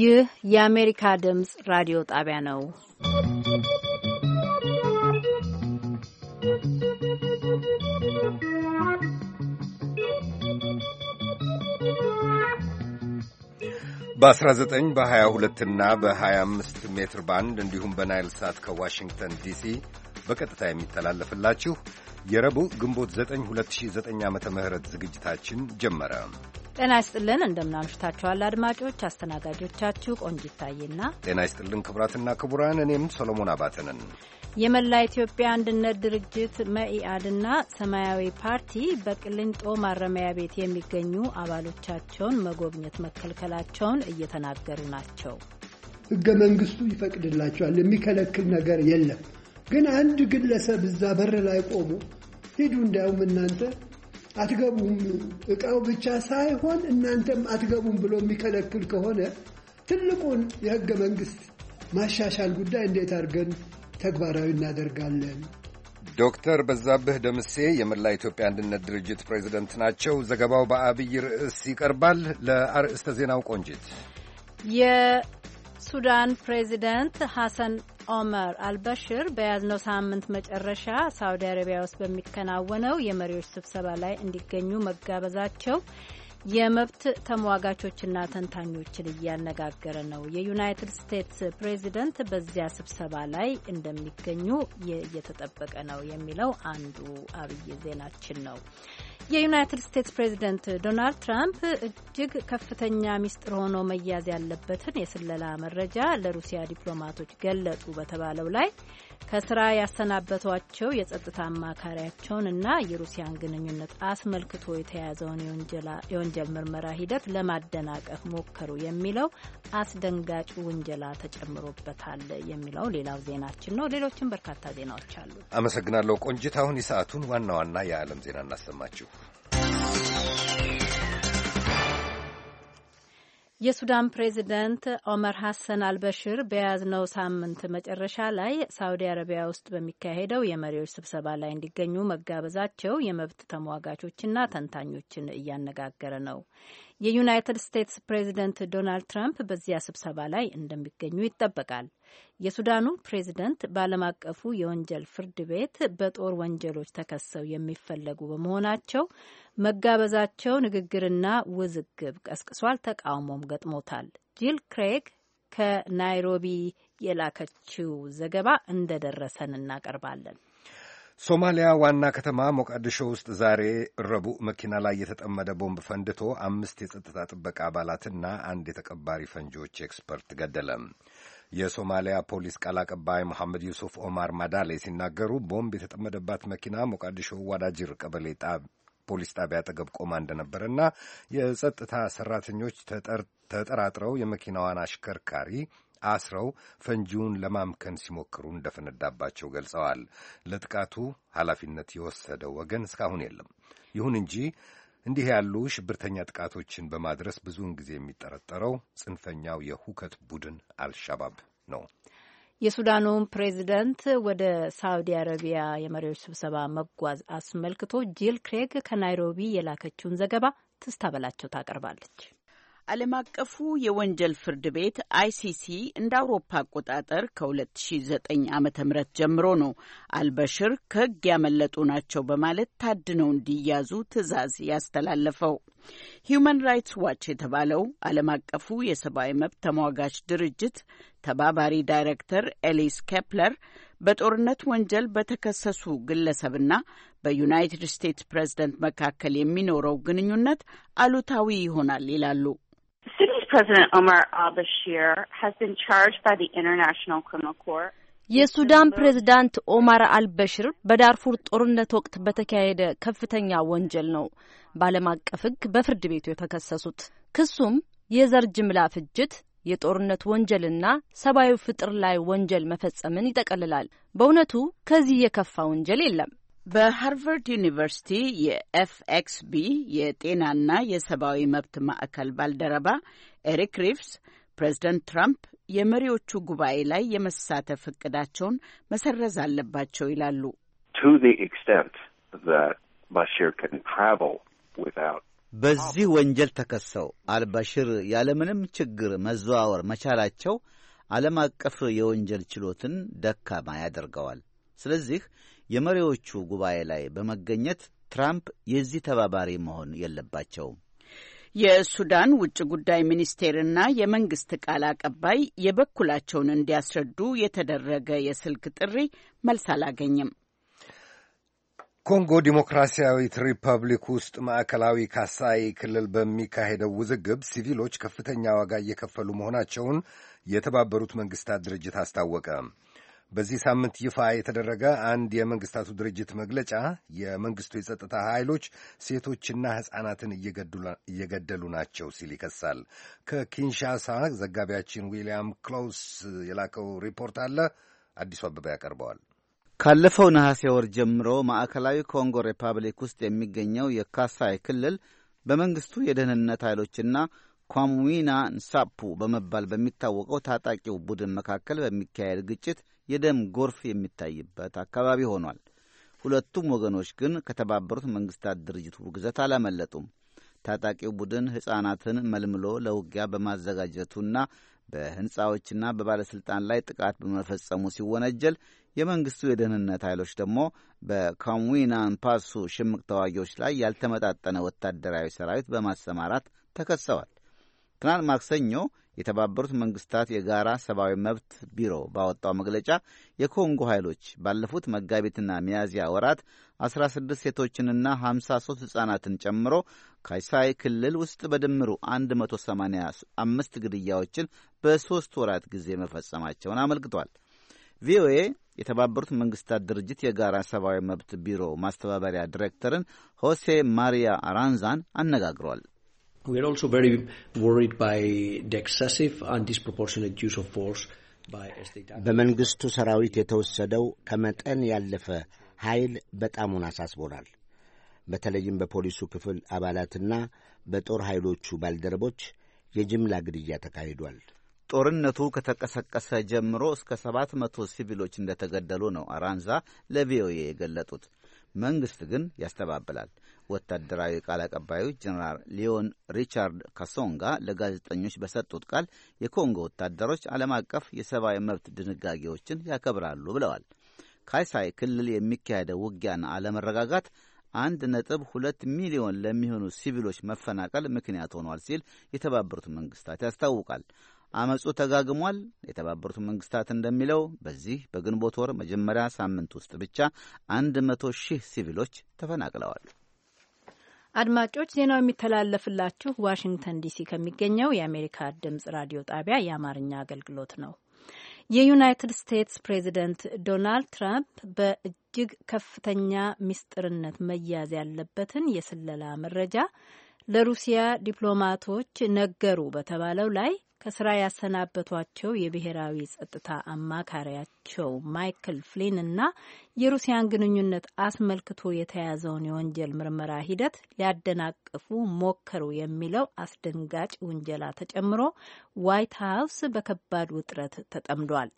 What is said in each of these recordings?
ይህ የአሜሪካ ድምፅ ራዲዮ ጣቢያ ነው። በ19 በ22 እና በ25 ሜትር ባንድ እንዲሁም በናይል ሳት ከዋሽንግተን ዲሲ በቀጥታ የሚተላለፍላችሁ የረቡዕ ግንቦት 9 2009 ዓ ም ዝግጅታችን ጀመረ። ጤና ይስጥልን እንደምናምሽታችኋል አድማጮች። አስተናጋጆቻችሁ ቆንጂት ታዬና ጤና ይስጥልን ክቡራትና ክቡራን፣ እኔም ሰሎሞን አባተንን የመላ ኢትዮጵያ አንድነት ድርጅት መኢአድና ሰማያዊ ፓርቲ በቅሊንጦ ማረሚያ ቤት የሚገኙ አባሎቻቸውን መጎብኘት መከልከላቸውን እየተናገሩ ናቸው። ህገ መንግስቱ ይፈቅድላቸዋል፣ የሚከለክል ነገር የለም። ግን አንድ ግለሰብ እዛ በር ላይ ቆሞ ሂዱ እንዳውም እናንተ አትገቡም፣ እቃው ብቻ ሳይሆን እናንተም አትገቡም ብሎ የሚከለክል ከሆነ ትልቁን የህገ መንግስት ማሻሻል ጉዳይ እንዴት አድርገን ተግባራዊ እናደርጋለን? ዶክተር በዛብህ ደምሴ የመላ ኢትዮጵያ አንድነት ድርጅት ፕሬዚደንት ናቸው። ዘገባው በአብይ ርዕስ ይቀርባል። ለአርዕስተ ዜናው ቆንጂት የሱዳን ፕሬዚደንት ሐሰን ኦመር አልበሽር በያዝነው ሳምንት መጨረሻ ሳውዲ አረቢያ ውስጥ በሚከናወነው የመሪዎች ስብሰባ ላይ እንዲገኙ መጋበዛቸው የመብት ተሟጋቾችና ተንታኞችን እያነጋገረ ነው። የዩናይትድ ስቴትስ ፕሬዚደንት በዚያ ስብሰባ ላይ እንደሚገኙ እየተጠበቀ ነው የሚለው አንዱ አብይ ዜናችን ነው። የዩናይትድ ስቴትስ ፕሬዝደንት ዶናልድ ትራምፕ እጅግ ከፍተኛ ሚስጥር ሆኖ መያዝ ያለበትን የስለላ መረጃ ለሩሲያ ዲፕሎማቶች ገለጡ በተባለው ላይ ከስራ ያሰናበቷቸው የጸጥታ አማካሪያቸውን እና የሩሲያን ግንኙነት አስመልክቶ የተያዘውን የወንጀል ምርመራ ሂደት ለማደናቀፍ ሞከሩ የሚለው አስደንጋጭ ውንጀላ ተጨምሮበታል የሚለው ሌላው ዜናችን ነው። ሌሎችም በርካታ ዜናዎች አሉ። አመሰግናለሁ ቆንጅት አሁን የሰዓቱን ዋና ዋና የዓለም ዜና እናሰማችሁ። የሱዳን ፕሬዚደንት ኦመር ሐሰን አልበሽር በያዝነው ሳምንት መጨረሻ ላይ ሳውዲ አረቢያ ውስጥ በሚካሄደው የመሪዎች ስብሰባ ላይ እንዲገኙ መጋበዛቸው የመብት ተሟጋቾችና ተንታኞችን እያነጋገረ ነው። የዩናይትድ ስቴትስ ፕሬዚደንት ዶናልድ ትራምፕ በዚያ ስብሰባ ላይ እንደሚገኙ ይጠበቃል። የሱዳኑ ፕሬዚደንት በዓለም አቀፉ የወንጀል ፍርድ ቤት በጦር ወንጀሎች ተከሰው የሚፈለጉ በመሆናቸው መጋበዛቸው ንግግርና ውዝግብ ቀስቅሷል። ተቃውሞም ገጥሞታል። ጂል ክሬግ ከናይሮቢ የላከችው ዘገባ እንደደረሰን እናቀርባለን። ሶማሊያ ዋና ከተማ ሞቃዲሾ ውስጥ ዛሬ ረቡዕ መኪና ላይ የተጠመደ ቦምብ ፈንድቶ አምስት የጸጥታ ጥበቃ አባላትና አንድ የተቀባሪ ፈንጂዎች ኤክስፐርት ገደለ። የሶማሊያ ፖሊስ ቃል አቀባይ መሐመድ ዩሱፍ ኦማር ማዳሌ ሲናገሩ ቦምብ የተጠመደባት መኪና ሞቃዲሾ ዋዳጅር ቀበሌ ፖሊስ ጣቢያ አጠገብ ቆማ እንደነበረና የጸጥታ ሰራተኞች ተጠራጥረው የመኪናዋን አሽከርካሪ አስረው ፈንጂውን ለማምከን ሲሞክሩ እንደፈነዳባቸው ገልጸዋል። ለጥቃቱ ኃላፊነት የወሰደ ወገን እስካሁን የለም። ይሁን እንጂ እንዲህ ያሉ ሽብርተኛ ጥቃቶችን በማድረስ ብዙውን ጊዜ የሚጠረጠረው ጽንፈኛው የሁከት ቡድን አልሻባብ ነው። የሱዳኑ ፕሬዚደንት ወደ ሳውዲ አረቢያ የመሪዎች ስብሰባ መጓዝ አስመልክቶ ጂል ክሬግ ከናይሮቢ የላከችውን ዘገባ ትስታ ታቀርባለች። ዓለም አቀፉ የወንጀል ፍርድ ቤት አይሲሲ እንደ አውሮፓ አቆጣጠር ከ2009 ዓ ም ጀምሮ ነው አልበሽር ከህግ ያመለጡ ናቸው በማለት ታድነው እንዲያዙ ትዕዛዝ ያስተላለፈው። ሂዩማን ራይትስ ዋች የተባለው ዓለም አቀፉ የሰብአዊ መብት ተሟጋች ድርጅት ተባባሪ ዳይሬክተር ኤሊስ ኬፕለር በጦርነት ወንጀል በተከሰሱ ግለሰብና በዩናይትድ ስቴትስ ፕሬዝደንት መካከል የሚኖረው ግንኙነት አሉታዊ ይሆናል ይላሉ። Sudan's President Omar al-Bashir has been charged by the International Criminal Court የሱዳን ፕሬዝዳንት ኦማር አልበሽር በዳርፉር ጦርነት ወቅት በተካሄደ ከፍተኛ ወንጀል ነው በዓለም አቀፍ ሕግ በፍርድ ቤቱ የተከሰሱት። ክሱም የዘር ጅምላ ፍጅት፣ የጦርነት ወንጀልና ሰብአዊ ፍጥር ላይ ወንጀል መፈጸምን ይጠቀልላል። በእውነቱ ከዚህ የከፋ ወንጀል የለም። በሃርቨርድ ዩኒቨርሲቲ የኤፍኤክስቢ የጤናና የሰብአዊ መብት ማዕከል ባልደረባ ኤሪክ ሪቭስ ፕሬዚደንት ትራምፕ የመሪዎቹ ጉባኤ ላይ የመሳተፍ እቅዳቸውን መሰረዝ አለባቸው ይላሉ። በዚህ ወንጀል ተከሰው አልባሽር ያለምንም ችግር መዘዋወር መቻላቸው ዓለም አቀፍ የወንጀል ችሎትን ደካማ ያደርገዋል። ስለዚህ የመሪዎቹ ጉባኤ ላይ በመገኘት ትራምፕ የዚህ ተባባሪ መሆን የለባቸውም። የሱዳን ውጭ ጉዳይ ሚኒስቴርና የመንግስት ቃል አቀባይ የበኩላቸውን እንዲያስረዱ የተደረገ የስልክ ጥሪ መልስ አላገኝም። ኮንጎ ዲሞክራሲያዊት ሪፐብሊክ ውስጥ ማዕከላዊ ካሳይ ክልል በሚካሄደው ውዝግብ ሲቪሎች ከፍተኛ ዋጋ እየከፈሉ መሆናቸውን የተባበሩት መንግስታት ድርጅት አስታወቀ። በዚህ ሳምንት ይፋ የተደረገ አንድ የመንግስታቱ ድርጅት መግለጫ የመንግስቱ የጸጥታ ኃይሎች ሴቶችና ሕፃናትን እየገደሉ ናቸው ሲል ይከሳል። ከኪንሻሳ ዘጋቢያችን ዊልያም ክሎውስ የላከው ሪፖርት አለ፣ አዲሱ አበባ ያቀርበዋል። ካለፈው ነሐሴ ወር ጀምሮ ማዕከላዊ ኮንጎ ሪፐብሊክ ውስጥ የሚገኘው የካሳይ ክልል በመንግስቱ የደህንነት ኃይሎችና ኳምዊና ንሳፑ በመባል በሚታወቀው ታጣቂው ቡድን መካከል በሚካሄድ ግጭት የደም ጎርፍ የሚታይበት አካባቢ ሆኗል። ሁለቱም ወገኖች ግን ከተባበሩት መንግስታት ድርጅት ውግዘት አላመለጡም። ታጣቂው ቡድን ሕፃናትን መልምሎ ለውጊያ በማዘጋጀቱና በሕንፃዎችና በባለሥልጣን ላይ ጥቃት በመፈጸሙ ሲወነጀል የመንግሥቱ የደህንነት ኃይሎች ደግሞ በካምዊናን ፓሱ ሽምቅ ተዋጊዎች ላይ ያልተመጣጠነ ወታደራዊ ሰራዊት በማሰማራት ተከሰዋል። ትናንት ማክሰኞ የተባበሩት መንግስታት የጋራ ሰብአዊ መብት ቢሮ ባወጣው መግለጫ የኮንጎ ኃይሎች ባለፉት መጋቢትና ሚያዝያ ወራት 16 ሴቶችንና 53 ሕፃናትን ጨምሮ ካይሳይ ክልል ውስጥ በድምሩ 185 ግድያዎችን በሦስት ወራት ጊዜ መፈጸማቸውን አመልክቷል። ቪኦኤ የተባበሩት መንግስታት ድርጅት የጋራ ሰብአዊ መብት ቢሮ ማስተባበሪያ ዲሬክተርን ሆሴ ማሪያ አራንዛን አነጋግሯል። We are also very worried by the excessive and disproportionate use of force በመንግስቱ ሰራዊት የተወሰደው ከመጠን ያለፈ ኃይል በጣሙን አሳስቦናል። በተለይም በፖሊሱ ክፍል አባላትና በጦር ኃይሎቹ ባልደረቦች የጅምላ ግድያ ተካሂዷል። ጦርነቱ ከተቀሰቀሰ ጀምሮ እስከ ሰባት መቶ ሲቪሎች እንደተገደሉ ነው አራንዛ ለቪኦኤ የገለጡት። መንግስት ግን ያስተባብላል። ወታደራዊ ቃል አቀባዩ ጀኔራል ሊዮን ሪቻርድ ካሶንጋ ለጋዜጠኞች በሰጡት ቃል የኮንጎ ወታደሮች ዓለም አቀፍ የሰብአዊ መብት ድንጋጌዎችን ያከብራሉ ብለዋል። ካይሳይ ክልል የሚካሄደው ውጊያና አለመረጋጋት አንድ ነጥብ ሁለት ሚሊዮን ለሚሆኑ ሲቪሎች መፈናቀል ምክንያት ሆኗል ሲል የተባበሩት መንግስታት ያስታውቃል። አመፁ ተጋግሟል። የተባበሩት መንግስታት እንደሚለው በዚህ በግንቦት ወር መጀመሪያ ሳምንት ውስጥ ብቻ አንድ መቶ ሺህ ሲቪሎች ተፈናቅለዋል። አድማጮች ዜናው የሚተላለፍላችሁ ዋሽንግተን ዲሲ ከሚገኘው የአሜሪካ ድምጽ ራዲዮ ጣቢያ የአማርኛ አገልግሎት ነው። የዩናይትድ ስቴትስ ፕሬዚደንት ዶናልድ ትራምፕ በእጅግ ከፍተኛ ምስጢርነት መያዝ ያለበትን የስለላ መረጃ ለሩሲያ ዲፕሎማቶች ነገሩ በተባለው ላይ ከስራ ያሰናበቷቸው የብሔራዊ ጸጥታ አማካሪያቸው ማይክል ፍሊን እና የሩሲያን ግንኙነት አስመልክቶ የተያዘውን የወንጀል ምርመራ ሂደት ሊያደናቅፉ ሞከሩ የሚለው አስደንጋጭ ውንጀላ ተጨምሮ ዋይት ሀውስ በከባድ ውጥረት ተጠምዷል።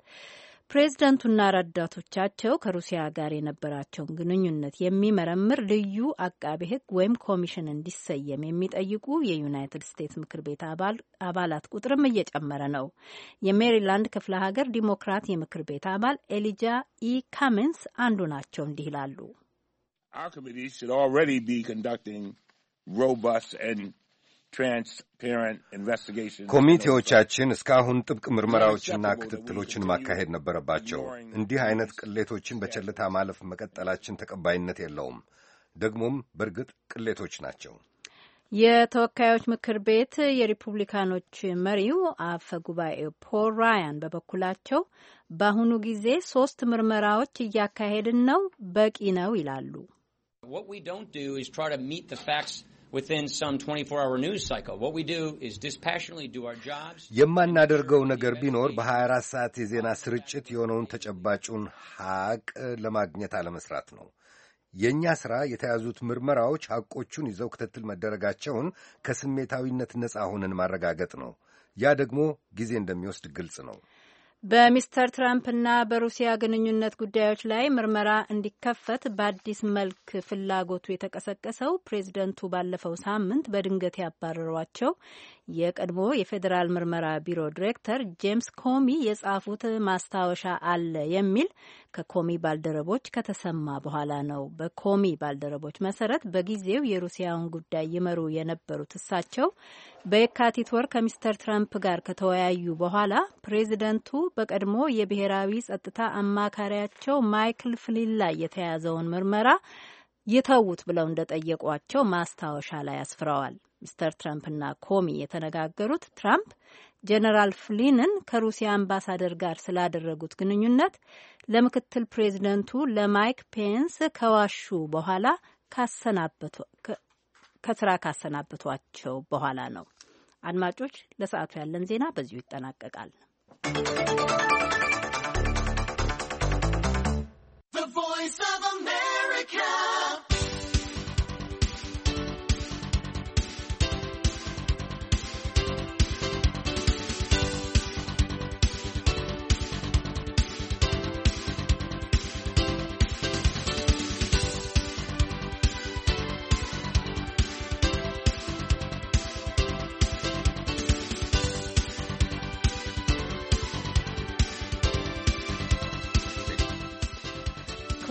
ፕሬዝደንቱና ረዳቶቻቸው ከሩሲያ ጋር የነበራቸውን ግንኙነት የሚመረምር ልዩ አቃቤ ሕግ ወይም ኮሚሽን እንዲሰየም የሚጠይቁ የዩናይትድ ስቴትስ ምክር ቤት አባላት ቁጥርም እየጨመረ ነው። የሜሪላንድ ክፍለ ሀገር ዲሞክራት የምክር ቤት አባል ኤሊጃ ኢ አንዱ ናቸው። እንዲህ ይላሉ። ኮሚቴዎቻችን እስካሁን ጥብቅ ምርመራዎችና ክትትሎችን ማካሄድ ነበረባቸው። እንዲህ አይነት ቅሌቶችን በቸልታ ማለፍ መቀጠላችን ተቀባይነት የለውም። ደግሞም በእርግጥ ቅሌቶች ናቸው። የተወካዮች ምክር ቤት የሪፑብሊካኖች መሪው አፈ ጉባኤው ፖል ራያን በበኩላቸው በአሁኑ ጊዜ ሶስት ምርመራዎች እያካሄድን ነው፣ በቂ ነው ይላሉ። within some 24-hour news cycle. What we do is dispassionately do our jobs. የማናደርገው ነገር ቢኖር በ24 ሰዓት የዜና ስርጭት የሆነውን ተጨባጩን ሐቅ ለማግኘት አለመስራት ነው። የእኛ ሥራ የተያዙት ምርመራዎች ሐቆቹን ይዘው ክትትል መደረጋቸውን ከስሜታዊነት ነፃ ሆነን ማረጋገጥ ነው። ያ ደግሞ ጊዜ እንደሚወስድ ግልጽ ነው። በሚስተር ትራምፕና በሩሲያ ግንኙነት ጉዳዮች ላይ ምርመራ እንዲከፈት በአዲስ መልክ ፍላጎቱ የተቀሰቀሰው ፕሬዝደንቱ ባለፈው ሳምንት በድንገት ያባረሯቸው የቀድሞ የፌዴራል ምርመራ ቢሮ ዲሬክተር ጄምስ ኮሚ የጻፉት ማስታወሻ አለ የሚል ከኮሚ ባልደረቦች ከተሰማ በኋላ ነው። በኮሚ ባልደረቦች መሰረት በጊዜው የሩሲያውን ጉዳይ ይመሩ የነበሩት እሳቸው በየካቲት ወር ከሚስተር ትራምፕ ጋር ከተወያዩ በኋላ ፕሬዚደንቱ በቀድሞ የብሔራዊ ጸጥታ አማካሪያቸው ማይክል ፍሊን ላይ የተያዘውን ምርመራ ይተዉት ብለው እንደጠየቋቸው ማስታወሻ ላይ አስፍረዋል። ሚስተር ትራምፕና ኮሚ የተነጋገሩት ትራምፕ ጀነራል ፍሊንን ከሩሲያ አምባሳደር ጋር ስላደረጉት ግንኙነት ለምክትል ፕሬዚደንቱ ለማይክ ፔንስ ከዋሹ በኋላ ከስራ ካሰናበቷቸው በኋላ ነው። አድማጮች፣ ለሰዓቱ ያለን ዜና በዚሁ ይጠናቀቃል።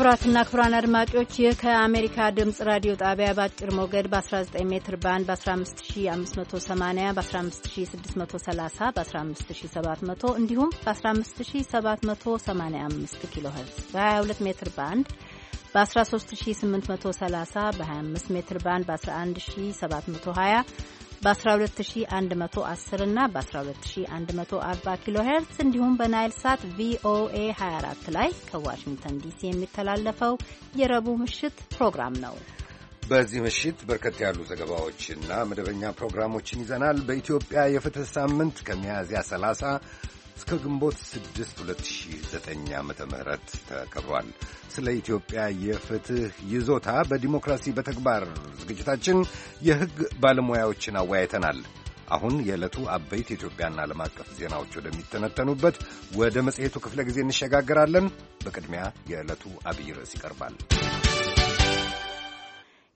ክቡራትና ክቡራን አድማጮች ይህ ከአሜሪካ ድምፅ ራዲዮ ጣቢያ በአጭር ሞገድ በ19 ሜትር ባንድ በ15580 በ15630 በ15700 እንዲሁም በ15785 ኪሎ ሄርዝ በ22 ሜትር ባንድ በ13830 በ25 ሜትር ባንድ በ11720 በ12110 እና በ12140 ኪሎ ሄርትስ እንዲሁም በናይል ሳት ቪኦኤ 24 ላይ ከዋሽንግተን ዲሲ የሚተላለፈው የረቡዕ ምሽት ፕሮግራም ነው። በዚህ ምሽት በርከት ያሉ ዘገባዎችና መደበኛ ፕሮግራሞችን ይዘናል። በኢትዮጵያ የፍትህ ሳምንት ከሚያዝያ 30 እስከ ግንቦት 6 2009 ዓ ም ተከብሯል። ስለ ኢትዮጵያ የፍትህ ይዞታ በዲሞክራሲ በተግባር ዝግጅታችን የሕግ ባለሙያዎችን አወያይተናል። አሁን የዕለቱ አበይት የኢትዮጵያና ዓለም አቀፍ ዜናዎች ወደሚተነተኑበት ወደ መጽሔቱ ክፍለ ጊዜ እንሸጋገራለን። በቅድሚያ የዕለቱ አብይ ርዕስ ይቀርባል።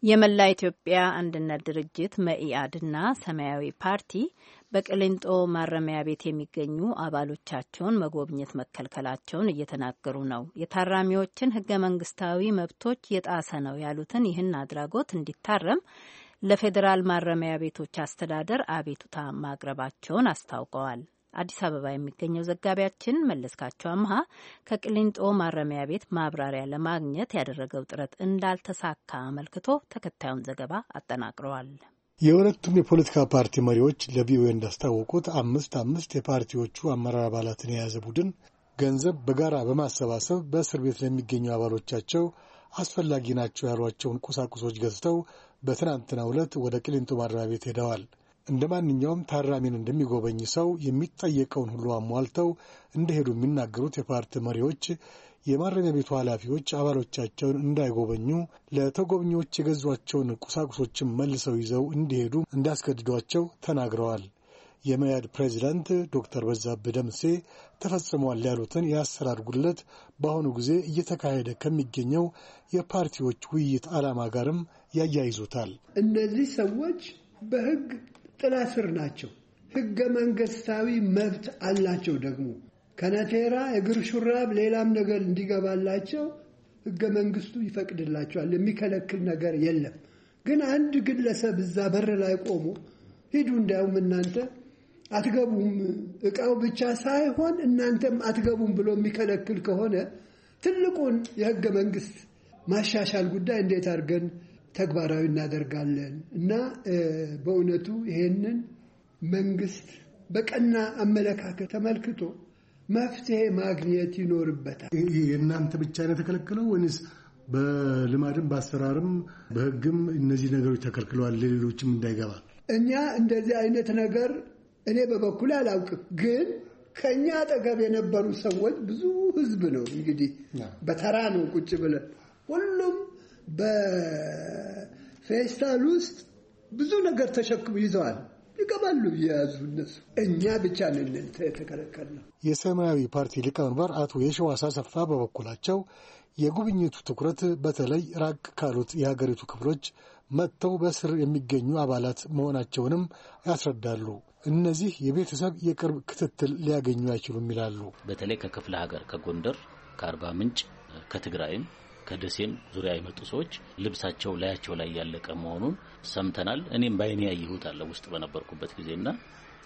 የመላ ኢትዮጵያ አንድነት ድርጅት መኢአድና ሰማያዊ ፓርቲ በቅሊንጦ ማረሚያ ቤት የሚገኙ አባሎቻቸውን መጎብኘት መከልከላቸውን እየተናገሩ ነው። የታራሚዎችን ህገ መንግስታዊ መብቶች የጣሰ ነው ያሉትን ይህን አድራጎት እንዲታረም ለፌዴራል ማረሚያ ቤቶች አስተዳደር አቤቱታ ማቅረባቸውን አስታውቀዋል። አዲስ አበባ የሚገኘው ዘጋቢያችን መለስካቸው አምሃ ከቅሊንጦ ማረሚያ ቤት ማብራሪያ ለማግኘት ያደረገው ጥረት እንዳልተሳካ አመልክቶ ተከታዩን ዘገባ አጠናቅረዋል። የሁለቱም የፖለቲካ ፓርቲ መሪዎች ለቪኦኤ እንዳስታወቁት አምስት አምስት የፓርቲዎቹ አመራር አባላትን የያዘ ቡድን ገንዘብ በጋራ በማሰባሰብ በእስር ቤት ለሚገኙ አባሎቻቸው አስፈላጊ ናቸው ያሏቸውን ቁሳቁሶች ገዝተው በትናንትናው ዕለት ወደ ቅሊንጦ ማረሚያ ቤት ሄደዋል። እንደ ማንኛውም ታራሚን እንደሚጎበኝ ሰው የሚጠየቀውን ሁሉ አሟልተው እንደሄዱ የሚናገሩት የፓርቲ መሪዎች የማረሚያ ቤቱ ኃላፊዎች አባሎቻቸውን እንዳይጎበኙ ለተጎብኚዎች የገዟቸውን ቁሳቁሶችን መልሰው ይዘው እንዲሄዱ እንዳስገድዷቸው ተናግረዋል። የመያድ ፕሬዚዳንት ዶክተር በዛብህ ደምሴ ተፈጽሟል ያሉትን የአሰራር ጉድለት በአሁኑ ጊዜ እየተካሄደ ከሚገኘው የፓርቲዎች ውይይት ዓላማ ጋርም ያያይዙታል። እነዚህ ሰዎች በሕግ ጥላ ስር ናቸው። ሕገ መንግስታዊ መብት አላቸው ደግሞ ከነቴራ እግር ሹራብ ሌላም ነገር እንዲገባላቸው ህገ መንግስቱ ይፈቅድላቸዋል። የሚከለክል ነገር የለም። ግን አንድ ግለሰብ እዛ በር ላይ ቆሞ ሂዱ እንዳውም እናንተ አትገቡም፣ እቃው ብቻ ሳይሆን እናንተም አትገቡም ብሎ የሚከለክል ከሆነ ትልቁን የህገ መንግስት ማሻሻል ጉዳይ እንዴት አድርገን ተግባራዊ እናደርጋለን? እና በእውነቱ ይሄንን መንግስት በቀና አመለካከት ተመልክቶ መፍትሄ ማግኘት ይኖርበታል። የእናንተ ብቻ ነው የተከለከለው ወይስ በልማድም በአሰራርም በሕግም እነዚህ ነገሮች ተከልክለዋል ለሌሎችም እንዳይገባ? እኛ እንደዚህ አይነት ነገር እኔ በበኩል አላውቅም፣ ግን ከእኛ አጠገብ የነበሩ ሰዎች ብዙ ህዝብ ነው እንግዲህ በተራ ነው ቁጭ ብለን ሁሉም በፌስታል ውስጥ ብዙ ነገር ተሸክሙ ይዘዋል። ይቀማሉ የያዙ እነሱ እኛ ብቻ ነን የተከለከልነው። የሰማያዊ ፓርቲ ሊቀመንበር አቶ የሸዋስ አሰፋ በበኩላቸው የጉብኝቱ ትኩረት በተለይ ራቅ ካሉት የሀገሪቱ ክፍሎች መጥተው በስር የሚገኙ አባላት መሆናቸውንም ያስረዳሉ። እነዚህ የቤተሰብ የቅርብ ክትትል ሊያገኙ አይችሉም ይላሉ። በተለይ ከክፍለ ሀገር ከጎንደር፣ ከአርባ ምንጭ፣ ከትግራይም ከደሴም ዙሪያ የመጡ ሰዎች ልብሳቸው ላያቸው ላይ ያለቀ መሆኑን ሰምተናል። እኔም በአይኔ ያየሁት አለ ውስጥ በነበርኩበት ጊዜና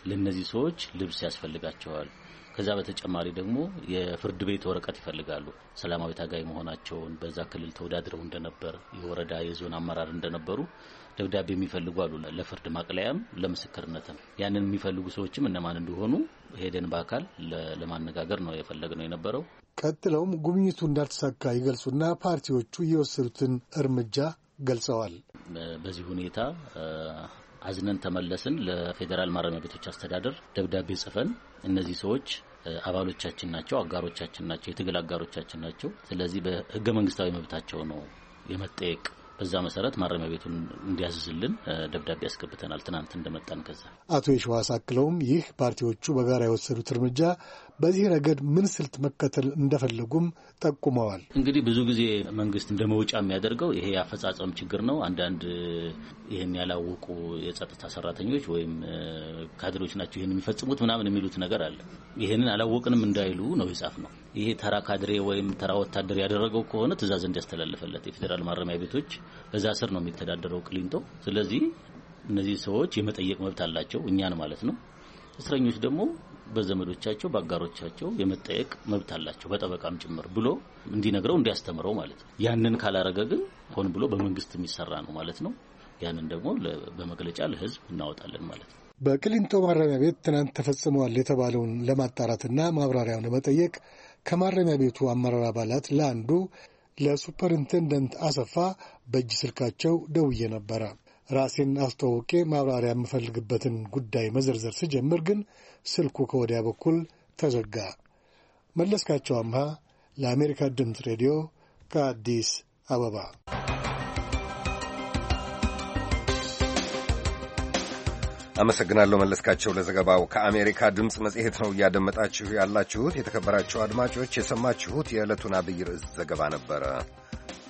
ለእነዚህ ሰዎች ልብስ ያስፈልጋቸዋል። ከዚያ በተጨማሪ ደግሞ የፍርድ ቤት ወረቀት ይፈልጋሉ። ሰላማዊ ታጋይ መሆናቸውን በዛ ክልል ተወዳድረው እንደነበር የወረዳ የዞን አመራር እንደነበሩ ደብዳቤ የሚፈልጉ አሉ። ለፍርድ ማቅለያም ለምስክርነትም ያንን የሚፈልጉ ሰዎችም እነማን እንደሆኑ ሄደን በአካል ለማነጋገር ነው የፈለግ ነው የነበረው። ቀጥለውም ጉብኝቱ እንዳልተሳካ ይገልጹና ፓርቲዎቹ የወሰዱትን እርምጃ ገልጸዋል። በዚህ ሁኔታ አዝነን ተመለስን። ለፌዴራል ማረሚያ ቤቶች አስተዳደር ደብዳቤ ጽፈን እነዚህ ሰዎች አባሎቻችን ናቸው፣ አጋሮቻችን ናቸው፣ የትግል አጋሮቻችን ናቸው። ስለዚህ በህገ መንግስታዊ መብታቸው ነው የመጠየቅ በዛ መሰረት ማረሚያ ቤቱን እንዲያዝዝልን ደብዳቤ ያስገብተናል። ትናንት እንደመጣን ከዛ አቶ የሸዋስ አክለውም ይህ ፓርቲዎቹ በጋራ የወሰዱት እርምጃ በዚህ ረገድ ምን ስልት መከተል እንደፈለጉም ጠቁመዋል። እንግዲህ ብዙ ጊዜ መንግስት እንደ መውጫ የሚያደርገው ይሄ የአፈጻጸም ችግር ነው። አንዳንድ ይህን ያላወቁ የጸጥታ ሰራተኞች ወይም ካድሬዎች ናቸው ይህን የሚፈጽሙት ምናምን የሚሉት ነገር አለ። ይህንን አላወቅንም እንዳይሉ ነው ይጻፍ ነው። ይሄ ተራ ካድሬ ወይም ተራ ወታደር ያደረገው ከሆነ ትእዛዝ እንዲያስተላልፈለት የፌዴራል ማረሚያ ቤቶች በዛ ስር ነው የሚተዳደረው ክሊንቶ ስለዚህ እነዚህ ሰዎች የመጠየቅ መብት አላቸው፣ እኛን ማለት ነው። እስረኞች ደግሞ በዘመዶቻቸው በአጋሮቻቸው የመጠየቅ መብት አላቸው በጠበቃም ጭምር ብሎ እንዲነግረው እንዲያስተምረው ማለት ነው። ያንን ካላረገ ግን ሆን ብሎ በመንግስት የሚሰራ ነው ማለት ነው። ያንን ደግሞ በመግለጫ ለህዝብ እናወጣለን ማለት ነው። በቅሊንጦ ማረሚያ ቤት ትናንት ተፈጽመዋል የተባለውን ለማጣራትና ማብራሪያውን ለመጠየቅ ከማረሚያ ቤቱ አመራር አባላት ለአንዱ ለሱፐርኢንቴንደንት አሰፋ በእጅ ስልካቸው ደውዬ ነበረ። ራሴን አስተዋውቄ ማብራሪያ የምፈልግበትን ጉዳይ መዘርዘር ስጀምር ግን ስልኩ ከወዲያ በኩል ተዘጋ። መለስካቸው አምሃ ለአሜሪካ ድምፅ ሬዲዮ ከአዲስ አበባ አመሰግናለሁ መለስካቸው ለዘገባው። ከአሜሪካ ድምፅ መጽሔት ነው እያደመጣችሁ ያላችሁት። የተከበራችሁ አድማጮች የሰማችሁት የዕለቱን አብይ ርዕስ ዘገባ ነበረ።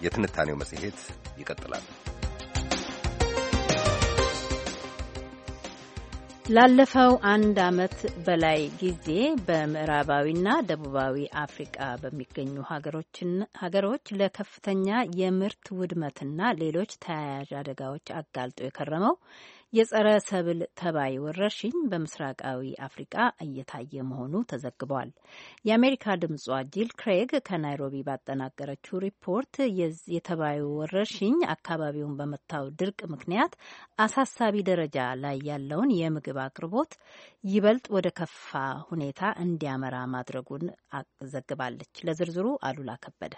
የትንታኔው መጽሔት ይቀጥላል። ላለፈው አንድ ዓመት በላይ ጊዜ በምዕራባዊና ደቡባዊ አፍሪቃ በሚገኙ ሀገሮች ለከፍተኛ የምርት ውድመትና ሌሎች ተያያዥ አደጋዎች አጋልጦ የከረመው የጸረ ሰብል ተባይ ወረርሽኝ በምስራቃዊ አፍሪቃ እየታየ መሆኑ ተዘግቧል። የአሜሪካ ድምጿ ጂል ክሬግ ከናይሮቢ ባጠናቀረችው ሪፖርት የተባዩ ወረርሽኝ አካባቢውን በመታው ድርቅ ምክንያት አሳሳቢ ደረጃ ላይ ያለውን የምግብ አቅርቦት ይበልጥ ወደ ከፋ ሁኔታ እንዲያመራ ማድረጉን ዘግባለች። ለዝርዝሩ አሉላ ከበደ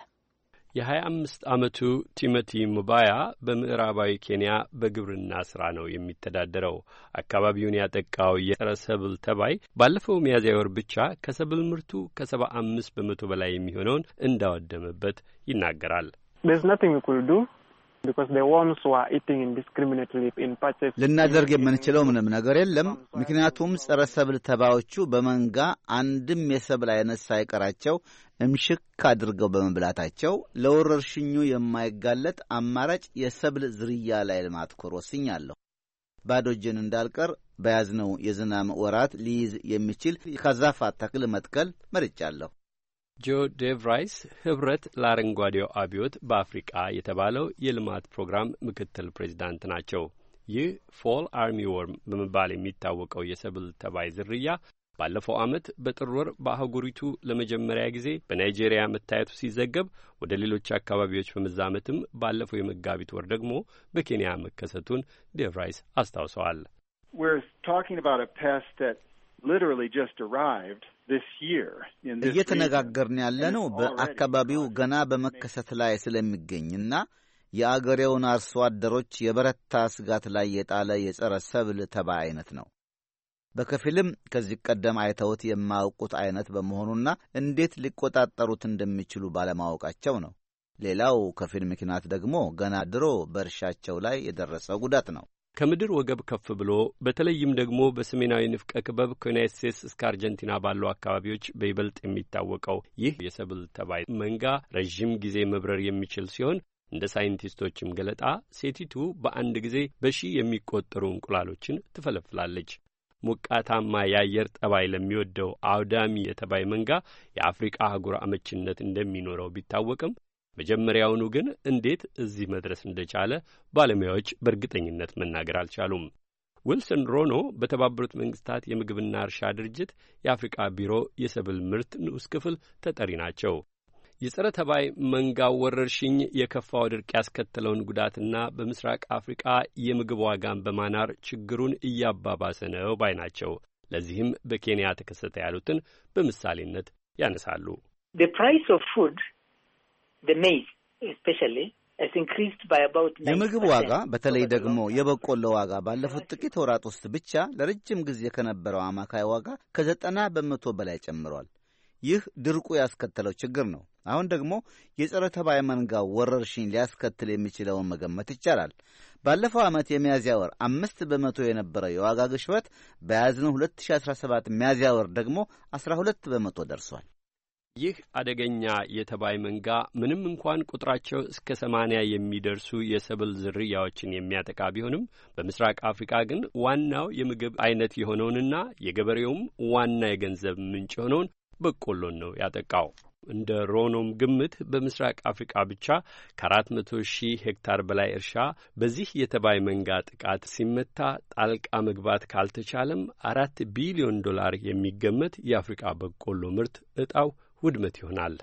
የሀያ አምስት ዓመቱ ቲሞቲ ሙባያ በምዕራባዊ ኬንያ በግብርና ሥራ ነው የሚተዳደረው። አካባቢውን ያጠቃው የጸረ ሰብል ተባይ ባለፈው ሚያዝያ ወር ብቻ ከሰብል ምርቱ ከሰባ አምስት በመቶ በላይ የሚሆነውን እንዳወደመበት ይናገራል። ልናደርግ የምንችለው ምንም ነገር የለም። ምክንያቱም ጸረ ሰብል ተባዮቹ በመንጋ አንድም የሰብል አይነት ሳይቀራቸው እምሽክ አድርገው በመብላታቸው ለወረርሽኙ የማይጋለጥ አማራጭ የሰብል ዝርያ ላይ ለማትኮር ወስኛለሁ። ባዶ እጄን እንዳልቀር በያዝነው የዝናም ወራት ሊይዝ የሚችል የካዛፋ ተክል መትከል መርጫለሁ። ጆ ዴቭራይስ ህብረት ለአረንጓዴው አብዮት በአፍሪቃ የተባለው የልማት ፕሮግራም ምክትል ፕሬዚዳንት ናቸው። ይህ ፎል አርሚ ወርም በመባል የሚታወቀው የሰብል ተባይ ዝርያ ባለፈው ዓመት በጥር ወር በአህጉሪቱ ለመጀመሪያ ጊዜ በናይጄሪያ መታየቱ ሲዘገብ ወደ ሌሎች አካባቢዎች በመዛመትም ባለፈው የመጋቢት ወር ደግሞ በኬንያ መከሰቱን ዴቭራይስ አስታውሰዋል። We're talking about a pest that literally just arrived. እየተነጋገርን ያለነው በአካባቢው ገና በመከሰት ላይ ስለሚገኝና የአገሬውን አርሶ አደሮች የበረታ ስጋት ላይ የጣለ የጸረ ሰብል ተባ አይነት ነው። በከፊልም ከዚህ ቀደም አይተውት የማያውቁት አይነት በመሆኑና እንዴት ሊቆጣጠሩት እንደሚችሉ ባለማወቃቸው ነው። ሌላው ከፊል ምክንያት ደግሞ ገና ድሮ በእርሻቸው ላይ የደረሰው ጉዳት ነው። ከምድር ወገብ ከፍ ብሎ በተለይም ደግሞ በሰሜናዊ ንፍቀ ክበብ ከዩናይት ስቴትስ እስከ አርጀንቲና ባሉ አካባቢዎች በይበልጥ የሚታወቀው ይህ የሰብል ተባይ መንጋ ረዥም ጊዜ መብረር የሚችል ሲሆን እንደ ሳይንቲስቶችም ገለጣ ሴቲቱ በአንድ ጊዜ በሺህ የሚቆጠሩ እንቁላሎችን ትፈለፍላለች። ሞቃታማ የአየር ጠባይ ለሚወደው አውዳሚ የተባይ መንጋ የአፍሪቃ አህጉር አመችነት እንደሚኖረው ቢታወቅም መጀመሪያውኑ ግን እንዴት እዚህ መድረስ እንደቻለ ባለሙያዎች በእርግጠኝነት መናገር አልቻሉም። ዊልሰን ሮኖ በተባበሩት መንግስታት የምግብና እርሻ ድርጅት የአፍሪቃ ቢሮ የሰብል ምርት ንዑስ ክፍል ተጠሪ ናቸው። የጸረ ተባይ መንጋው ወረርሽኝ የከፋው ድርቅ ያስከተለውን ጉዳትና በምስራቅ አፍሪቃ የምግብ ዋጋን በማናር ችግሩን እያባባሰ ነው ባይ ናቸው። ለዚህም በኬንያ ተከሰተ ያሉትን በምሳሌነት ያነሳሉ። the price of food የምግብ ዋጋ በተለይ ደግሞ የበቆሎ ዋጋ ባለፉት ጥቂት ወራት ውስጥ ብቻ ለረጅም ጊዜ ከነበረው አማካይ ዋጋ ከዘጠና በመቶ በላይ ጨምሯል። ይህ ድርቁ ያስከተለው ችግር ነው። አሁን ደግሞ የጸረ ተባይ መንጋው ወረርሽኝ ሊያስከትል የሚችለውን መገመት ይቻላል። ባለፈው ዓመት የሚያዝያ ወር አምስት በመቶ የነበረው የዋጋ ግሽበት በያዝነው 2017 ሚያዝያ ወር ደግሞ 12 በመቶ ደርሷል። ይህ አደገኛ የተባይ መንጋ ምንም እንኳን ቁጥራቸው እስከ ሰማንያ የሚደርሱ የሰብል ዝርያዎችን የሚያጠቃ ቢሆንም በምስራቅ አፍሪካ ግን ዋናው የምግብ አይነት የሆነውንና የገበሬውም ዋና የገንዘብ ምንጭ የሆነውን በቆሎን ነው ያጠቃው። እንደ ሮኖም ግምት በምስራቅ አፍሪቃ ብቻ ከአራት መቶ ሺህ ሄክታር በላይ እርሻ በዚህ የተባይ መንጋ ጥቃት ሲመታ ጣልቃ መግባት ካልተቻለም አራት ቢሊዮን ዶላር የሚገመት የአፍሪቃ በቆሎ ምርት እጣው ውድመት ይሆናል።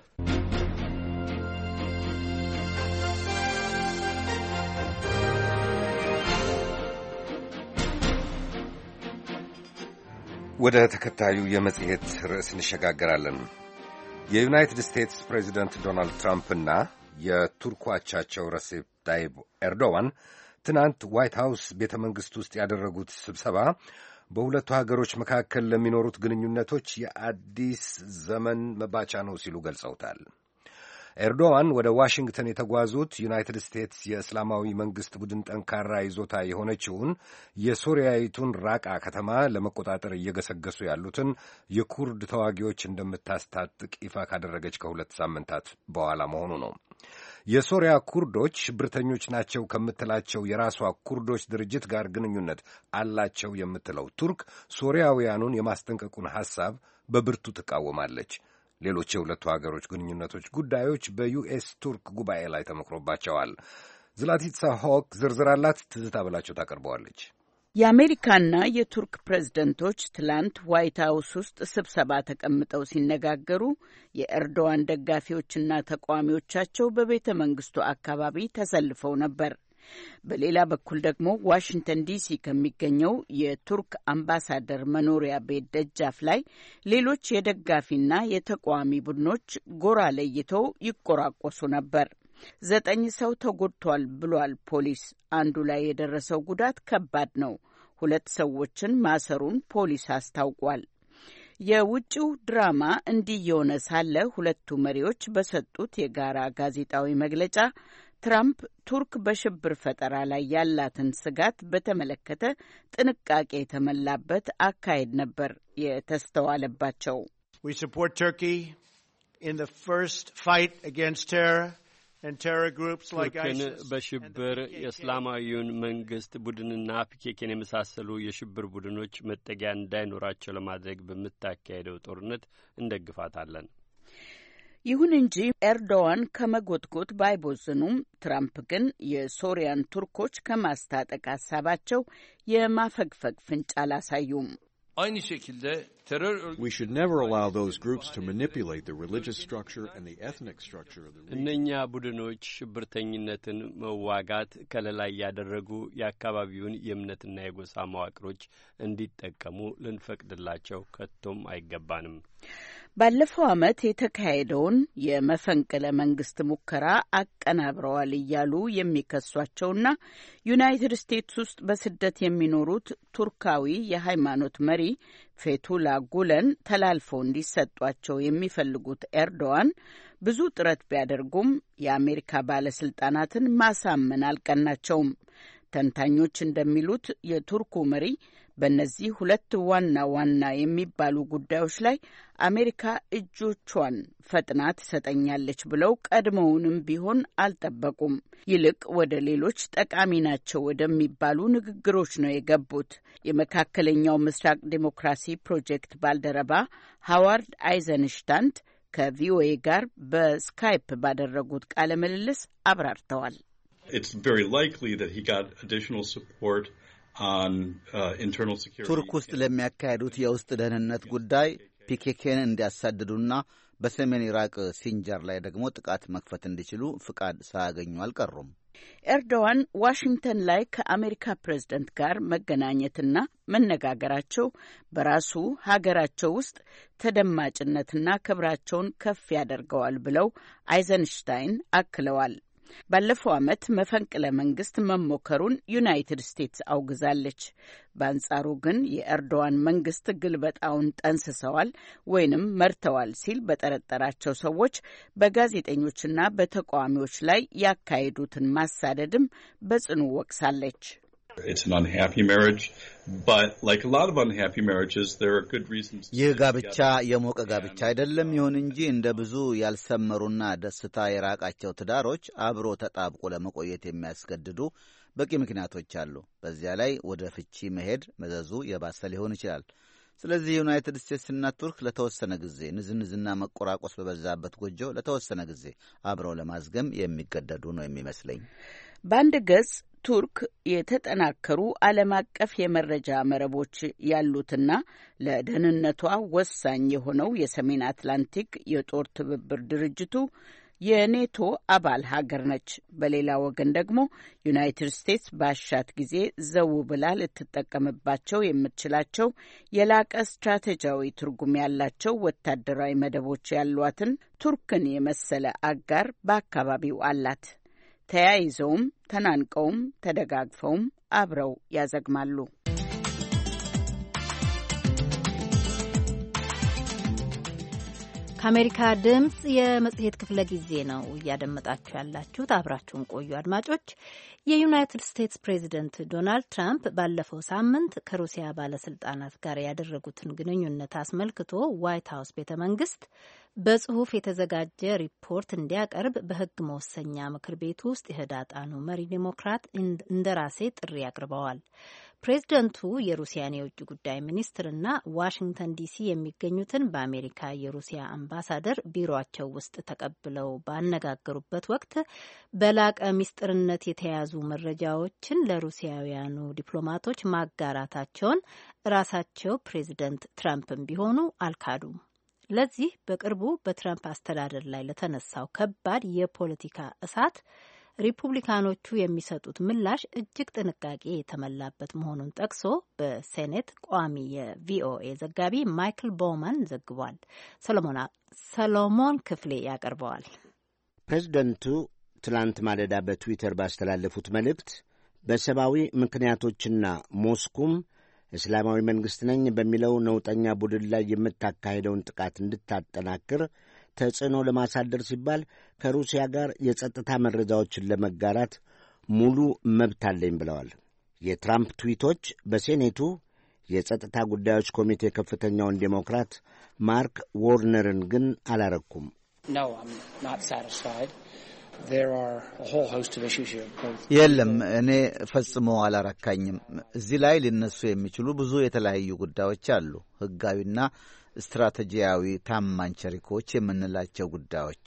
ወደ ተከታዩ የመጽሔት ርዕስ እንሸጋገራለን። የዩናይትድ ስቴትስ ፕሬዚደንት ዶናልድ ትራምፕና የቱርኩ አቻቸው ረሴፕ ታይብ ኤርዶዋን ትናንት ዋይት ሃውስ ቤተ መንግሥት ውስጥ ያደረጉት ስብሰባ በሁለቱ ሀገሮች መካከል ለሚኖሩት ግንኙነቶች የአዲስ ዘመን መባቻ ነው ሲሉ ገልጸውታል። ኤርዶዋን ወደ ዋሽንግተን የተጓዙት ዩናይትድ ስቴትስ የእስላማዊ መንግሥት ቡድን ጠንካራ ይዞታ የሆነችውን የሶሪያዊቱን ራቃ ከተማ ለመቆጣጠር እየገሰገሱ ያሉትን የኩርድ ተዋጊዎች እንደምታስታጥቅ ይፋ ካደረገች ከሁለት ሳምንታት በኋላ መሆኑ ነው። የሶሪያ ኩርዶች ብርተኞች ናቸው ከምትላቸው የራሷ ኩርዶች ድርጅት ጋር ግንኙነት አላቸው የምትለው ቱርክ ሶሪያውያኑን የማስጠንቀቁን ሐሳብ በብርቱ ትቃወማለች። ሌሎች የሁለቱ ሀገሮች ግንኙነቶች ጉዳዮች በዩኤስ ቱርክ ጉባኤ ላይ ተመክሮባቸዋል። ዝላቲትሳ ሆክ ዝርዝር አላት። ትዝታ ብላቸው ታቀርበዋለች። የአሜሪካና የቱርክ ፕሬዝደንቶች ትላንት ዋይት ሀውስ ውስጥ ስብሰባ ተቀምጠው ሲነጋገሩ የኤርዶዋን ደጋፊዎችና ተቃዋሚዎቻቸው በቤተ መንግስቱ አካባቢ ተሰልፈው ነበር። በሌላ በኩል ደግሞ ዋሽንግተን ዲሲ ከሚገኘው የቱርክ አምባሳደር መኖሪያ ቤት ደጃፍ ላይ ሌሎች የደጋፊና የተቃዋሚ ቡድኖች ጎራ ለይተው ይቆራቆሱ ነበር። ዘጠኝ ሰው ተጎድቷል ብሏል ፖሊስ። አንዱ ላይ የደረሰው ጉዳት ከባድ ነው። ሁለት ሰዎችን ማሰሩን ፖሊስ አስታውቋል። የውጭው ድራማ እንዲህ የሆነ ሳለ ሁለቱ መሪዎች በሰጡት የጋራ ጋዜጣዊ መግለጫ ትራምፕ ቱርክ በሽብር ፈጠራ ላይ ያላትን ስጋት በተመለከተ ጥንቃቄ የተሞላበት አካሄድ ነበር የተስተዋለባቸው። We support Turkey in ቱርክን በሽብር የእስላማዊውን መንግስት ቡድንና ፒኬኬን የመሳሰሉ የሽብር ቡድኖች መጠጊያ እንዳይኖራቸው ለማድረግ በምታካሄደው ጦርነት እንደግፋታለን። ይሁን እንጂ ኤርዶዋን ከመጎትጎት ባይቦዝኑም ትራምፕ ግን የሶሪያን ቱርኮች ከማስታጠቅ ሀሳባቸው የማፈግፈግ ፍንጭ አላሳዩም። We should never allow those groups to manipulate the religious structure and the ethnic structure of the region. እነኛ ቡድኖች ሽብርተኝነትን መዋጋት የአካባቢውን የእምነትና የጎሳ መዋቅሮች እንዲጠቀሙ ልንፈቅድላቸው ከቶም አይገባንም። ባለፈው ዓመት የተካሄደውን የመፈንቅለ መንግስት ሙከራ አቀናብረዋል እያሉ የሚከሷቸውና ዩናይትድ ስቴትስ ውስጥ በስደት የሚኖሩት ቱርካዊ የሃይማኖት መሪ ፌቱላ ጉለን ተላልፈው እንዲሰጧቸው የሚፈልጉት ኤርዶዋን ብዙ ጥረት ቢያደርጉም የአሜሪካ ባለስልጣናትን ማሳመን አልቀናቸውም። ተንታኞች እንደሚሉት የቱርኩ መሪ በእነዚህ ሁለት ዋና ዋና የሚባሉ ጉዳዮች ላይ አሜሪካ እጆቿን ፈጥና ትሰጠኛለች ብለው ቀድሞውንም ቢሆን አልጠበቁም። ይልቅ ወደ ሌሎች ጠቃሚ ናቸው ወደሚባሉ ንግግሮች ነው የገቡት። የመካከለኛው ምስራቅ ዴሞክራሲ ፕሮጀክት ባልደረባ ሃዋርድ አይዘንሽታንት ከቪኦኤ ጋር በስካይፕ ባደረጉት ቃለ ምልልስ አብራርተዋል። It's very likely that he got additional support Uh, ቱርክ ውስጥ ለሚያካሄዱት የውስጥ ደህንነት ጉዳይ ፒኬኬን እንዲያሳድዱና በሰሜን ኢራቅ ሲንጀር ላይ ደግሞ ጥቃት መክፈት እንዲችሉ ፍቃድ ሳያገኙ አልቀሩም። ኤርዶዋን ዋሽንግተን ላይ ከአሜሪካ ፕሬዝደንት ጋር መገናኘትና መነጋገራቸው በራሱ ሀገራቸው ውስጥ ተደማጭነትና ክብራቸውን ከፍ ያደርገዋል ብለው አይዘንሽታይን አክለዋል። ባለፈው ዓመት መፈንቅለ መንግስት መሞከሩን ዩናይትድ ስቴትስ አውግዛለች። በአንጻሩ ግን የኤርዶዋን መንግስት ግልበጣውን ጠንስሰዋል ወይንም መርተዋል ሲል በጠረጠራቸው ሰዎች በጋዜጠኞችና በተቃዋሚዎች ላይ ያካሄዱትን ማሳደድም በጽኑ ወቅሳለች። ይህ ጋብቻ የሞቀ ጋብቻ አይደለም። ይሁን እንጂ እንደ ብዙ ያልሰመሩና ደስታ የራቃቸው ትዳሮች አብሮ ተጣብቆ ለመቆየት የሚያስገድዱ በቂ ምክንያቶች አሉ። በዚያ ላይ ወደ ፍቺ መሄድ መዘዙ የባሰ ሊሆን ይችላል። ስለዚህ ዩናይትድ ስቴትስና ቱርክ ለተወሰነ ጊዜ ንዝንዝና መቆራቆስ በበዛበት ጎጆ ለተወሰነ ጊዜ አብረው ለማዝገም የሚገደዱ ነው የሚመስለኝ። በአንድ ገጽ ቱርክ የተጠናከሩ ዓለም አቀፍ የመረጃ መረቦች ያሉትና ለደህንነቷ ወሳኝ የሆነው የሰሜን አትላንቲክ የጦር ትብብር ድርጅቱ የኔቶ አባል ሀገር ነች። በሌላ ወገን ደግሞ ዩናይትድ ስቴትስ ባሻት ጊዜ ዘው ብላ ልትጠቀምባቸው የምትችላቸው የላቀ ስትራቴጂያዊ ትርጉም ያላቸው ወታደራዊ መደቦች ያሏትን ቱርክን የመሰለ አጋር በአካባቢው አላት። ተያይዘውም ተናንቀውም ተደጋግፈውም አብረው ያዘግማሉ። ከአሜሪካ ድምፅ የመጽሔት ክፍለ ጊዜ ነው እያደመጣችሁ ያላችሁት። አብራችሁን ቆዩ አድማጮች። የዩናይትድ ስቴትስ ፕሬዚደንት ዶናልድ ትራምፕ ባለፈው ሳምንት ከሩሲያ ባለስልጣናት ጋር ያደረጉትን ግንኙነት አስመልክቶ ዋይት ሀውስ ቤተ መንግስት በጽሁፍ የተዘጋጀ ሪፖርት እንዲያቀርብ በህግ መወሰኛ ምክር ቤት ውስጥ የህዳጣኑ መሪ ዴሞክራት እንደራሴ ጥሪ አቅርበዋል። ፕሬዝደንቱ የሩሲያን የውጭ ጉዳይ ሚኒስትርና ዋሽንግተን ዲሲ የሚገኙትን በአሜሪካ የሩሲያ አምባሳደር ቢሮቸው ውስጥ ተቀብለው ባነጋገሩበት ወቅት በላቀ ምስጢርነት የተያዙ መረጃዎችን ለሩሲያውያኑ ዲፕሎማቶች ማጋራታቸውን ራሳቸው ፕሬዝደንት ትራምፕም ቢሆኑ አልካዱም። ለዚህ በቅርቡ በትረምፕ አስተዳደር ላይ ለተነሳው ከባድ የፖለቲካ እሳት ሪፑብሊካኖቹ የሚሰጡት ምላሽ እጅግ ጥንቃቄ የተሞላበት መሆኑን ጠቅሶ በሴኔት ቋሚ የቪኦኤ ዘጋቢ ማይክል ቦውማን ዘግቧል። ሰሎሞን ክፍሌ ያቀርበዋል። ፕሬዚደንቱ ትላንት ማለዳ በትዊተር ባስተላለፉት መልእክት በሰብአዊ ምክንያቶችና ሞስኩም እስላማዊ መንግሥት ነኝ በሚለው ነውጠኛ ቡድን ላይ የምታካሄደውን ጥቃት እንድታጠናክር ተጽዕኖ ለማሳደር ሲባል ከሩሲያ ጋር የጸጥታ መረጃዎችን ለመጋራት ሙሉ መብት አለኝ ብለዋል። የትራምፕ ትዊቶች በሴኔቱ የጸጥታ ጉዳዮች ኮሚቴ ከፍተኛውን ዴሞክራት ማርክ ዎርነርን ግን አላረኩም። የለም እኔ ፈጽሞ አላረካኝም። እዚህ ላይ ሊነሱ የሚችሉ ብዙ የተለያዩ ጉዳዮች አሉ። ህጋዊና ስትራቴጂያዊ ታማኝ ሸሪኮች የምንላቸው ጉዳዮች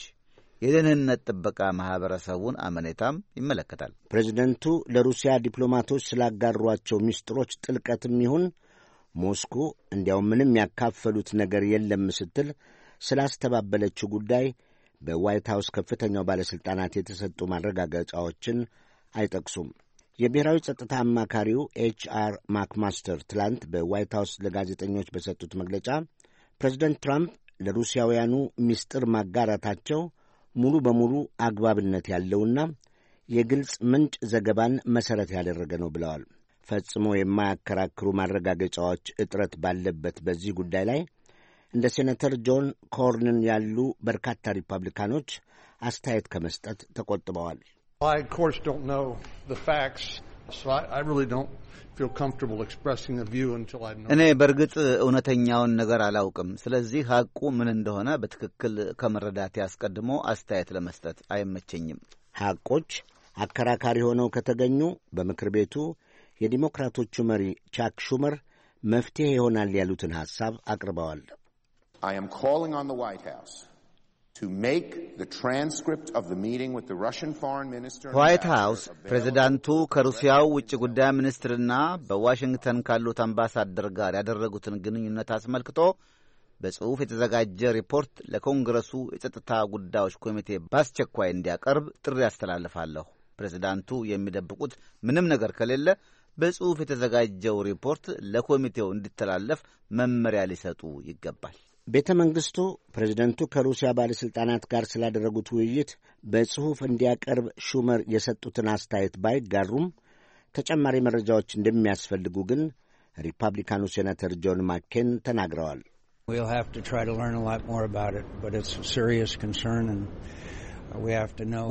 የደህንነት ጥበቃ ማኅበረሰቡን አመኔታም ይመለከታል። ፕሬዚደንቱ ለሩሲያ ዲፕሎማቶች ስላጋሯቸው ሚስጥሮች ጥልቀትም ይሁን ሞስኮ እንዲያውም ምንም ያካፈሉት ነገር የለም ስትል ስላስተባበለችው ጉዳይ በዋይት ሀውስ ከፍተኛው ባለሥልጣናት የተሰጡ ማረጋገጫዎችን አይጠቅሱም። የብሔራዊ ጸጥታ አማካሪው ኤች አር ማክማስተር ትላንት በዋይት ሀውስ ለጋዜጠኞች በሰጡት መግለጫ ፕሬዚደንት ትራምፕ ለሩሲያውያኑ ምስጢር ማጋራታቸው ሙሉ በሙሉ አግባብነት ያለውና የግልጽ ምንጭ ዘገባን መሠረት ያደረገ ነው ብለዋል። ፈጽሞ የማያከራክሩ ማረጋገጫዎች እጥረት ባለበት በዚህ ጉዳይ ላይ እንደ ሴኔተር ጆን ኮርንን ያሉ በርካታ ሪፐብሊካኖች አስተያየት ከመስጠት ተቆጥበዋል። እኔ በእርግጥ እውነተኛውን ነገር አላውቅም። ስለዚህ ሐቁ ምን እንደሆነ በትክክል ከመረዳቴ አስቀድሞ አስተያየት ለመስጠት አይመቸኝም። ሐቆች አከራካሪ ሆነው ከተገኙ በምክር ቤቱ የዲሞክራቶቹ መሪ ቻክ ሹመር መፍትሄ ይሆናል ያሉትን ሐሳብ አቅርበዋል። I am calling on the White House ዋይት ሃውስ ፕሬዚዳንቱ ከሩሲያው ውጭ ጉዳይ ሚኒስትርና በዋሽንግተን ካሉት አምባሳደር ጋር ያደረጉትን ግንኙነት አስመልክቶ በጽሑፍ የተዘጋጀ ሪፖርት ለኮንግረሱ የጸጥታ ጉዳዮች ኮሚቴ በአስቸኳይ እንዲያቀርብ ጥሪ አስተላልፋለሁ። ፕሬዚዳንቱ የሚደብቁት ምንም ነገር ከሌለ በጽሑፍ የተዘጋጀው ሪፖርት ለኮሚቴው እንዲተላለፍ መመሪያ ሊሰጡ ይገባል። ቤተ መንግሥቱ ፕሬዚደንቱ ከሩሲያ ባለሥልጣናት ጋር ስላደረጉት ውይይት በጽሑፍ እንዲያቀርብ ሹመር የሰጡትን አስተያየት ባይጋሩም ተጨማሪ መረጃዎች እንደሚያስፈልጉ ግን ሪፐብሊካኑ ሴናተር ጆን ማኬን ተናግረዋል።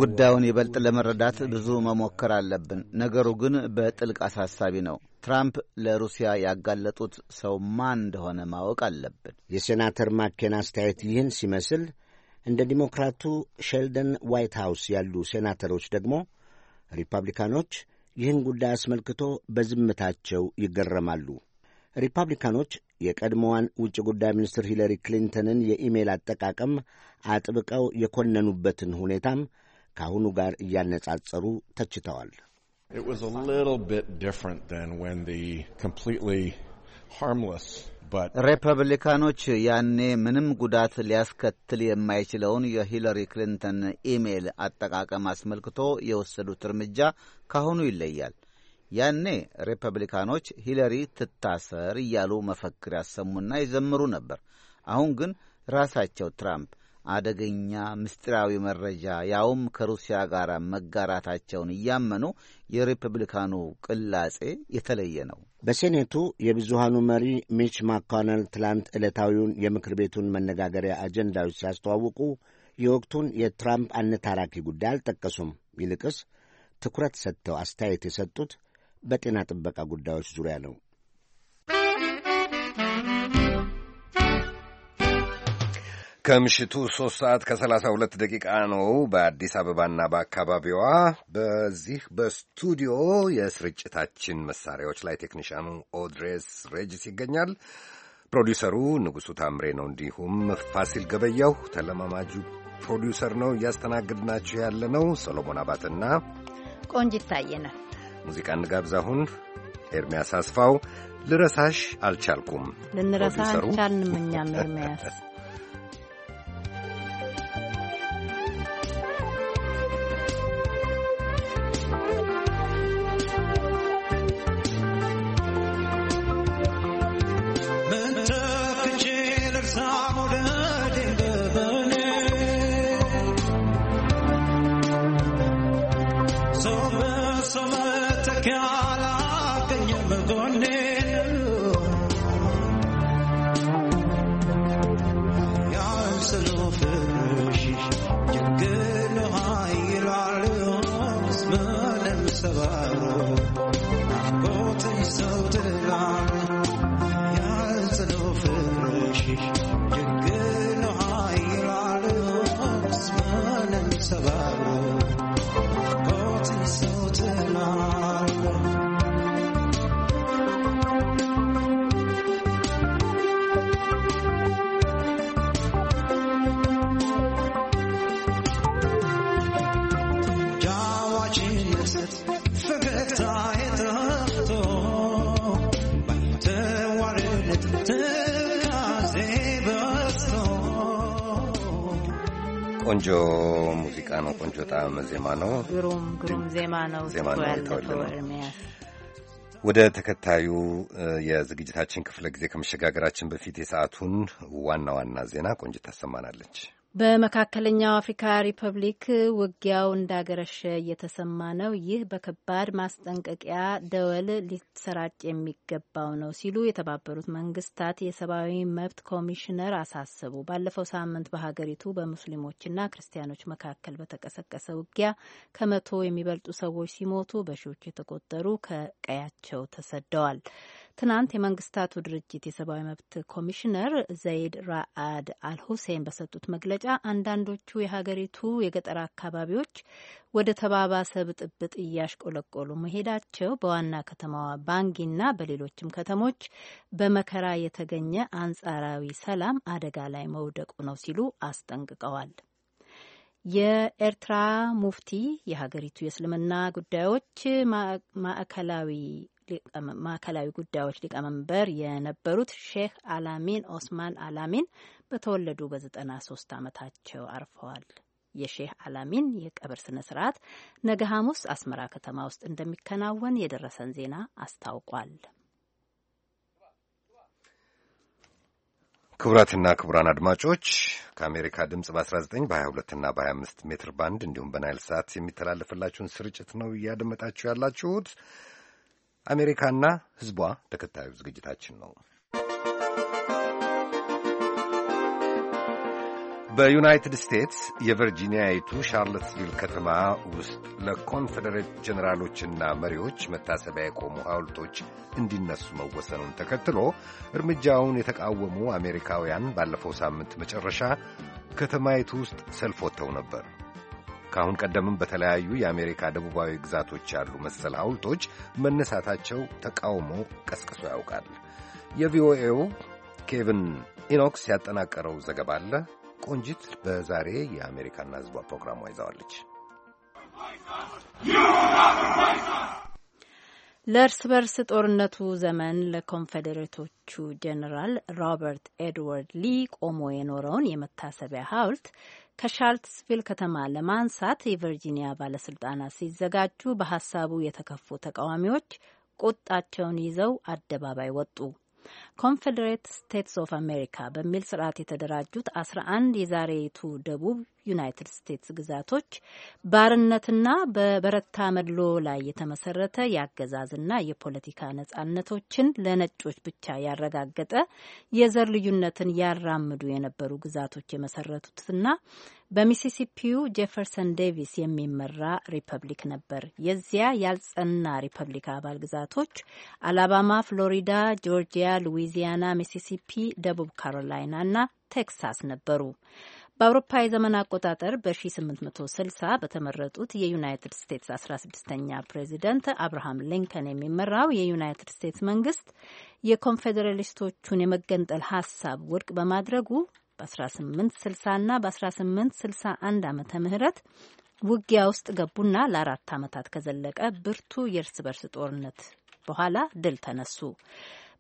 ጉዳዩን ይበልጥ ለመረዳት ብዙ መሞከር አለብን። ነገሩ ግን በጥልቅ አሳሳቢ ነው። ትራምፕ ለሩሲያ ያጋለጡት ሰው ማን እንደሆነ ማወቅ አለብን። የሴናተር ማኬን አስተያየት ይህን ሲመስል፣ እንደ ዲሞክራቱ ሼልደን ዋይት ሃውስ ያሉ ሴናተሮች ደግሞ ሪፐብሊካኖች ይህን ጉዳይ አስመልክቶ በዝምታቸው ይገረማሉ። ሪፐብሊካኖች የቀድሞዋን ውጭ ጉዳይ ሚኒስትር ሂለሪ ክሊንተንን የኢሜል አጠቃቀም አጥብቀው የኮነኑበትን ሁኔታም ከአሁኑ ጋር እያነጻጸሩ ተችተዋል። It was a little bit different than when the completely harmless ሪፐብሊካኖች ያኔ ምንም ጉዳት ሊያስከትል የማይችለውን የሂለሪ ክሊንተን ኢሜይል አጠቃቀም አስመልክቶ የወሰዱት እርምጃ ካሁኑ ይለያል። ያኔ ሪፐብሊካኖች ሂለሪ ትታሰር እያሉ መፈክር ያሰሙና ይዘምሩ ነበር። አሁን ግን ራሳቸው ትራምፕ አደገኛ ምስጢራዊ መረጃ ያውም ከሩሲያ ጋር መጋራታቸውን እያመኑ የሪፐብሊካኑ ቅላጼ የተለየ ነው። በሴኔቱ የብዙሃኑ መሪ ሚች ማኮነል ትላንት ዕለታዊውን የምክር ቤቱን መነጋገሪያ አጀንዳዎች ሲያስተዋውቁ የወቅቱን የትራምፕ አነታራኪ ጉዳይ አልጠቀሱም። ይልቅስ ትኩረት ሰጥተው አስተያየት የሰጡት በጤና ጥበቃ ጉዳዮች ዙሪያ ነው። ከምሽቱ ሶስት ሰዓት ከሰላሳ ሁለት ደቂቃ ነው በአዲስ አበባና በአካባቢዋ። በዚህ በስቱዲዮ የስርጭታችን መሳሪያዎች ላይ ቴክኒሽያኑ ኦድሬስ ሬጅስ ይገኛል። ፕሮዲውሰሩ ንጉሡ ታምሬ ነው። እንዲሁም ፋሲል ገበያው ተለማማጁ ፕሮዲውሰር ነው። እያስተናግድናችሁ ያለ ነው ሰሎሞን አባትና ቆንጂት ታየ ሙዚቃ እንጋብዝ። አሁን ኤርሚያስ አስፋው ልረሳሽ አልቻልኩም። ልንረሳ አልቻልንም እኛም ኤርሚያስ ቆንጆ ሙዚቃ ነው። ቆንጆ ጣም ዜማ ነው። ግሩም ግሩም ዜማ ነው። ዜማ ነው ወደ ተከታዩ የዝግጅታችን ክፍለ ጊዜ ከመሸጋገራችን በፊት የሰዓቱን ዋና ዋና ዜና ቆንጅት ታሰማናለች። በመካከለኛው አፍሪካ ሪፐብሊክ ውጊያው እንዳገረሸ እየተሰማ ነው። ይህ በከባድ ማስጠንቀቂያ ደወል ሊሰራጭ የሚገባው ነው ሲሉ የተባበሩት መንግስታት የሰብአዊ መብት ኮሚሽነር አሳሰቡ። ባለፈው ሳምንት በሀገሪቱ በሙስሊሞችና ክርስቲያኖች መካከል በተቀሰቀሰ ውጊያ ከመቶ የሚበልጡ ሰዎች ሲሞቱ በሺዎች የተቆጠሩ ከቀያቸው ተሰደዋል። ትናንት የመንግስታቱ ድርጅት የሰብአዊ መብት ኮሚሽነር ዘይድ ራአድ አልሁሴን በሰጡት መግለጫ አንዳንዶቹ የሀገሪቱ የገጠር አካባቢዎች ወደ ተባባሰ ብጥብጥ እያሽቆለቆሉ መሄዳቸው በዋና ከተማዋ ባንጊና በሌሎችም ከተሞች በመከራ የተገኘ አንጻራዊ ሰላም አደጋ ላይ መውደቁ ነው ሲሉ አስጠንቅቀዋል። የኤርትራ ሙፍቲ የሀገሪቱ የእስልምና ጉዳዮች ማዕከላዊ ማዕከላዊ ጉዳዮች ሊቀመንበር የነበሩት ሼህ አላሚን ኦስማን አላሚን በተወለዱ በዘጠና ሶስት ዓመታቸው አርፈዋል። የሼህ አላሚን የቀብር ስነ ስርዓት ነገ ሐሙስ አስመራ ከተማ ውስጥ እንደሚከናወን የደረሰን ዜና አስታውቋል። ክቡራትና ክቡራን አድማጮች ከአሜሪካ ድምፅ በ19 በ22ና በ25 ሜትር ባንድ እንዲሁም በናይል ሰዓት የሚተላለፍላችሁን ስርጭት ነው እያደመጣችሁ ያላችሁት። አሜሪካና ሕዝቧ ተከታዩ ዝግጅታችን ነው። በዩናይትድ ስቴትስ የቨርጂኒያይቱ ሻርለትስቪል ከተማ ውስጥ ለኮንፌዴሬት ጀኔራሎችና መሪዎች መታሰቢያ የቆሙ ሐውልቶች እንዲነሱ መወሰኑን ተከትሎ እርምጃውን የተቃወሙ አሜሪካውያን ባለፈው ሳምንት መጨረሻ ከተማይቱ ውስጥ ሰልፍ ወጥተው ነበር። ከአሁን ቀደምም በተለያዩ የአሜሪካ ደቡባዊ ግዛቶች ያሉ መሰል ሐውልቶች መነሳታቸው ተቃውሞ ቀስቅሶ ያውቃል። የቪኦኤው ኬቪን ኢኖክስ ያጠናቀረው ዘገባ አለ። ቆንጂት በዛሬ የአሜሪካና ሕዝቧ ፕሮግራሟ ይዛዋለች። ለእርስ በርስ ጦርነቱ ዘመን ለኮንፌዴሬቶቹ ጄኔራል ሮበርት ኤድዋርድ ሊ ቆሞ የኖረውን የመታሰቢያ ሐውልት ከሻርልስቪል ከተማ ለማንሳት የቨርጂኒያ ባለስልጣናት ሲዘጋጁ በሀሳቡ የተከፉ ተቃዋሚዎች ቁጣቸውን ይዘው አደባባይ ወጡ። ኮንፌዴሬት ስቴትስ ኦፍ አሜሪካ በሚል ስርዓት የተደራጁት አስራ አንድ የዛሬቱ ደቡብ ዩናይትድ ስቴትስ ግዛቶች ባርነትና በበረታ መድሎ ላይ የተመሰረተ የአገዛዝና የፖለቲካ ነጻነቶችን ለነጮች ብቻ ያረጋገጠ የዘር ልዩነትን ያራምዱ የነበሩ ግዛቶች የመሰረቱትና በሚሲሲፒው ጄፈርሰን ዴቪስ የሚመራ ሪፐብሊክ ነበር። የዚያ ያልጸና ሪፐብሊክ አባል ግዛቶች አላባማ፣ ፍሎሪዳ፣ ጆርጂያ፣ ሉዊዚያና፣ ሚሲሲፒ፣ ደቡብ ካሮላይና እና ቴክሳስ ነበሩ። በአውሮፓ የዘመን አቆጣጠር በ1860 በተመረጡት የዩናይትድ ስቴትስ 16ኛ ፕሬዚደንት አብርሃም ሊንከን የሚመራው የዩናይትድ ስቴትስ መንግስት የኮንፌዴራሊስቶቹን የመገንጠል ሀሳብ ውድቅ በማድረጉ በ1860 እና በ1861 ዓመተ ምህረት ውጊያ ውስጥ ገቡና ለአራት ዓመታት ከዘለቀ ብርቱ የእርስ በርስ ጦርነት በኋላ ድል ተነሱ።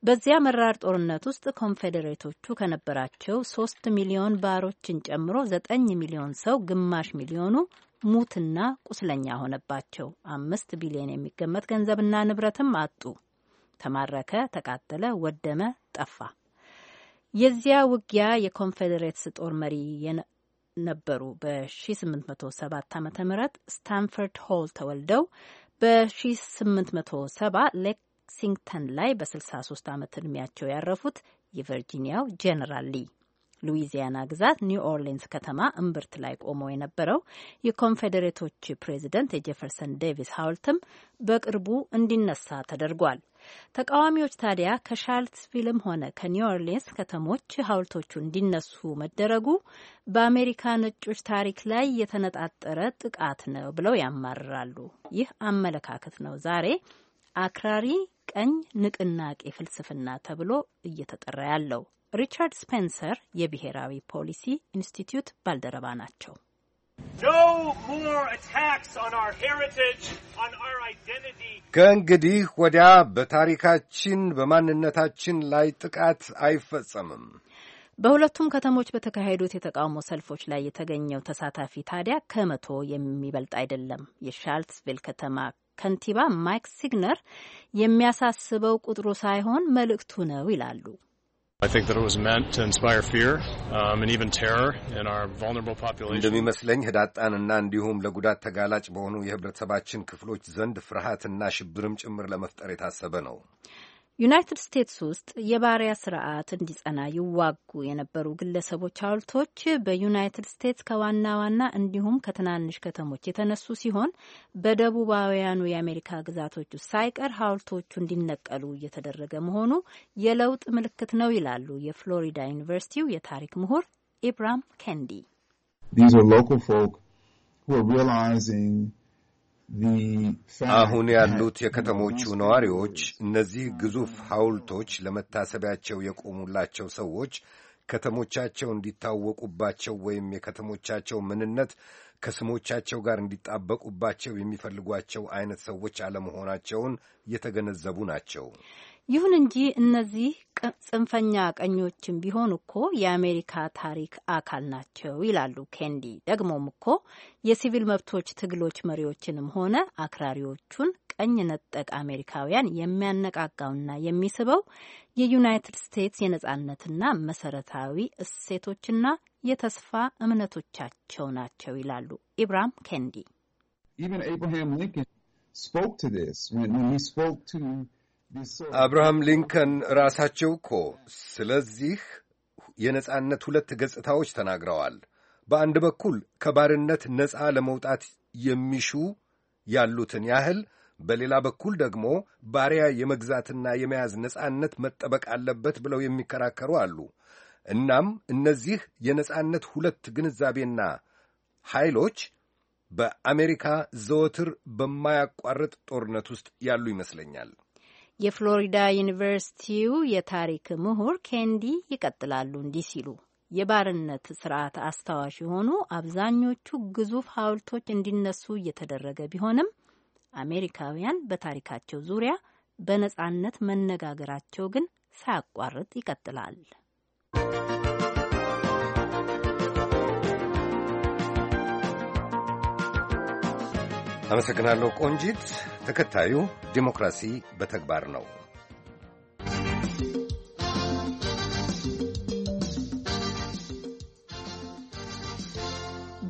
በዚያ መራር ጦርነት ውስጥ ኮንፌዴሬቶቹ ከነበራቸው ሶስት ሚሊዮን ባሮችን ጨምሮ ዘጠኝ ሚሊዮን ሰው ግማሽ ሚሊዮኑ ሙትና ቁስለኛ ሆነባቸው። አምስት ቢሊዮን የሚገመት ገንዘብና ንብረትም አጡ። ተማረከ፣ ተቃጠለ፣ ወደመ፣ ጠፋ። የዚያ ውጊያ የኮንፌዴሬትስ ጦር መሪ ነበሩ። በ1807 ዓ ም ስታንፈርድ ሆል ተወልደው በ1870 ሌክ ሌክሲንግተን ላይ በ63 ዓመት ዕድሜያቸው ያረፉት የቨርጂኒያው ጄኔራል ሊ ሉዊዚያና ግዛት ኒው ኦርሊንስ ከተማ እምብርት ላይ ቆሞ የነበረው የኮንፌዴሬቶች ፕሬዚደንት የጄፈርሰን ዴቪስ ሐውልትም በቅርቡ እንዲነሳ ተደርጓል። ተቃዋሚዎች ታዲያ ከሻርልስቪልም ሆነ ከኒው ኦርሊንስ ከተሞች ሀውልቶቹ እንዲነሱ መደረጉ በአሜሪካ ነጮች ታሪክ ላይ የተነጣጠረ ጥቃት ነው ብለው ያማርራሉ። ይህ አመለካከት ነው ዛሬ አክራሪ ቀኝ ንቅናቄ ፍልስፍና ተብሎ እየተጠራ ያለው። ሪቻርድ ስፔንሰር የብሔራዊ ፖሊሲ ኢንስቲትዩት ባልደረባ ናቸው። ከእንግዲህ ወዲያ በታሪካችን በማንነታችን ላይ ጥቃት አይፈጸምም። በሁለቱም ከተሞች በተካሄዱት የተቃውሞ ሰልፎች ላይ የተገኘው ተሳታፊ ታዲያ ከመቶ የሚበልጥ አይደለም። የሻርልስቪል ከተማ ከንቲባ ማይክ ሲግነር የሚያሳስበው ቁጥሩ ሳይሆን መልእክቱ ነው ይላሉ። um, እንደሚመስለኝ ህዳጣንና እንዲሁም ለጉዳት ተጋላጭ በሆኑ የህብረተሰባችን ክፍሎች ዘንድ ፍርሃትና ሽብርም ጭምር ለመፍጠር የታሰበ ነው። ዩናይትድ ስቴትስ ውስጥ የባሪያ ስርዓት እንዲጸና ይዋጉ የነበሩ ግለሰቦች ሐውልቶች በዩናይትድ ስቴትስ ከዋና ዋና እንዲሁም ከትናንሽ ከተሞች የተነሱ ሲሆን በደቡባውያኑ የአሜሪካ ግዛቶች ውስጥ ሳይቀር ሐውልቶቹ እንዲነቀሉ እየተደረገ መሆኑ የለውጥ ምልክት ነው ይላሉ የፍሎሪዳ ዩኒቨርሲቲው የታሪክ ምሁር ኢብራም ኬንዲ ። አሁን ያሉት የከተሞቹ ነዋሪዎች እነዚህ ግዙፍ ሐውልቶች ለመታሰቢያቸው የቆሙላቸው ሰዎች ከተሞቻቸው እንዲታወቁባቸው ወይም የከተሞቻቸው ምንነት ከስሞቻቸው ጋር እንዲጣበቁባቸው የሚፈልጓቸው አይነት ሰዎች አለመሆናቸውን የተገነዘቡ ናቸው። ይሁን እንጂ እነዚህ ጽንፈኛ ቀኞችም ቢሆን እኮ የአሜሪካ ታሪክ አካል ናቸው ይላሉ ኬንዲ። ደግሞም እኮ የሲቪል መብቶች ትግሎች መሪዎችንም ሆነ አክራሪዎቹን ቀኝ ነጠቅ አሜሪካውያን የሚያነቃቃውና የሚስበው የዩናይትድ ስቴትስ የነጻነትና መሰረታዊ እሴቶችና የተስፋ እምነቶቻቸው ናቸው ይላሉ ኢብራም ኬንዲ። አብርሃም ሊንከን ራሳቸው እኮ ስለዚህ የነጻነት ሁለት ገጽታዎች ተናግረዋል። በአንድ በኩል ከባርነት ነጻ ለመውጣት የሚሹ ያሉትን ያህል፣ በሌላ በኩል ደግሞ ባሪያ የመግዛትና የመያዝ ነጻነት መጠበቅ አለበት ብለው የሚከራከሩ አሉ። እናም እነዚህ የነጻነት ሁለት ግንዛቤና ኃይሎች በአሜሪካ ዘወትር በማያቋርጥ ጦርነት ውስጥ ያሉ ይመስለኛል። የፍሎሪዳ ዩኒቨርሲቲው የታሪክ ምሁር ኬንዲ ይቀጥላሉ እንዲህ ሲሉ የባርነት ስርዓት አስታዋሽ የሆኑ አብዛኞቹ ግዙፍ ሐውልቶች እንዲነሱ እየተደረገ ቢሆንም አሜሪካውያን በታሪካቸው ዙሪያ በነጻነት መነጋገራቸው ግን ሳያቋርጥ ይቀጥላል። አመሰግናለሁ ቆንጂት። ተከታዩ ዲሞክራሲ በተግባር ነው።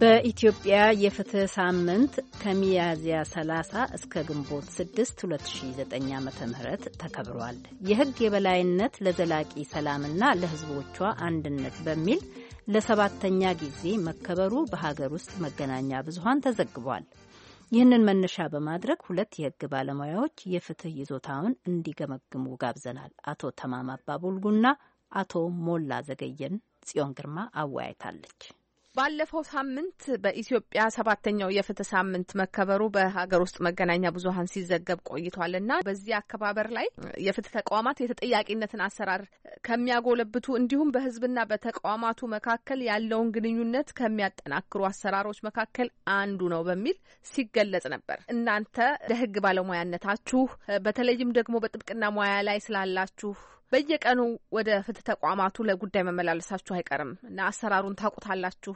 በኢትዮጵያ የፍትህ ሳምንት ከሚያዝያ 30 እስከ ግንቦት 6 2009 ዓ ም ተከብሯል። የህግ የበላይነት ለዘላቂ ሰላምና ለህዝቦቿ አንድነት በሚል ለሰባተኛ ጊዜ መከበሩ በሀገር ውስጥ መገናኛ ብዙሃን ተዘግቧል። ይህንን መነሻ በማድረግ ሁለት የህግ ባለሙያዎች የፍትህ ይዞታውን እንዲገመግሙ ጋብዘናል። አቶ ተማም አባቡልጉና አቶ ሞላ ዘገየን ጽዮን ግርማ አወያይታለች። ባለፈው ሳምንት በኢትዮጵያ ሰባተኛው የፍትህ ሳምንት መከበሩ በሀገር ውስጥ መገናኛ ብዙኃን ሲዘገብ ቆይቷል እና በዚህ አከባበር ላይ የፍትህ ተቋማት የተጠያቂነትን አሰራር ከሚያጎለብቱ እንዲሁም በህዝብና በተቋማቱ መካከል ያለውን ግንኙነት ከሚያጠናክሩ አሰራሮች መካከል አንዱ ነው በሚል ሲገለጽ ነበር። እናንተ ለህግ ባለሙያነታችሁ በተለይም ደግሞ በጥብቅና ሙያ ላይ ስላላችሁ በየቀኑ ወደ ፍትህ ተቋማቱ ለጉዳይ መመላለሳችሁ አይቀርም እና አሰራሩን ታውቁታላችሁ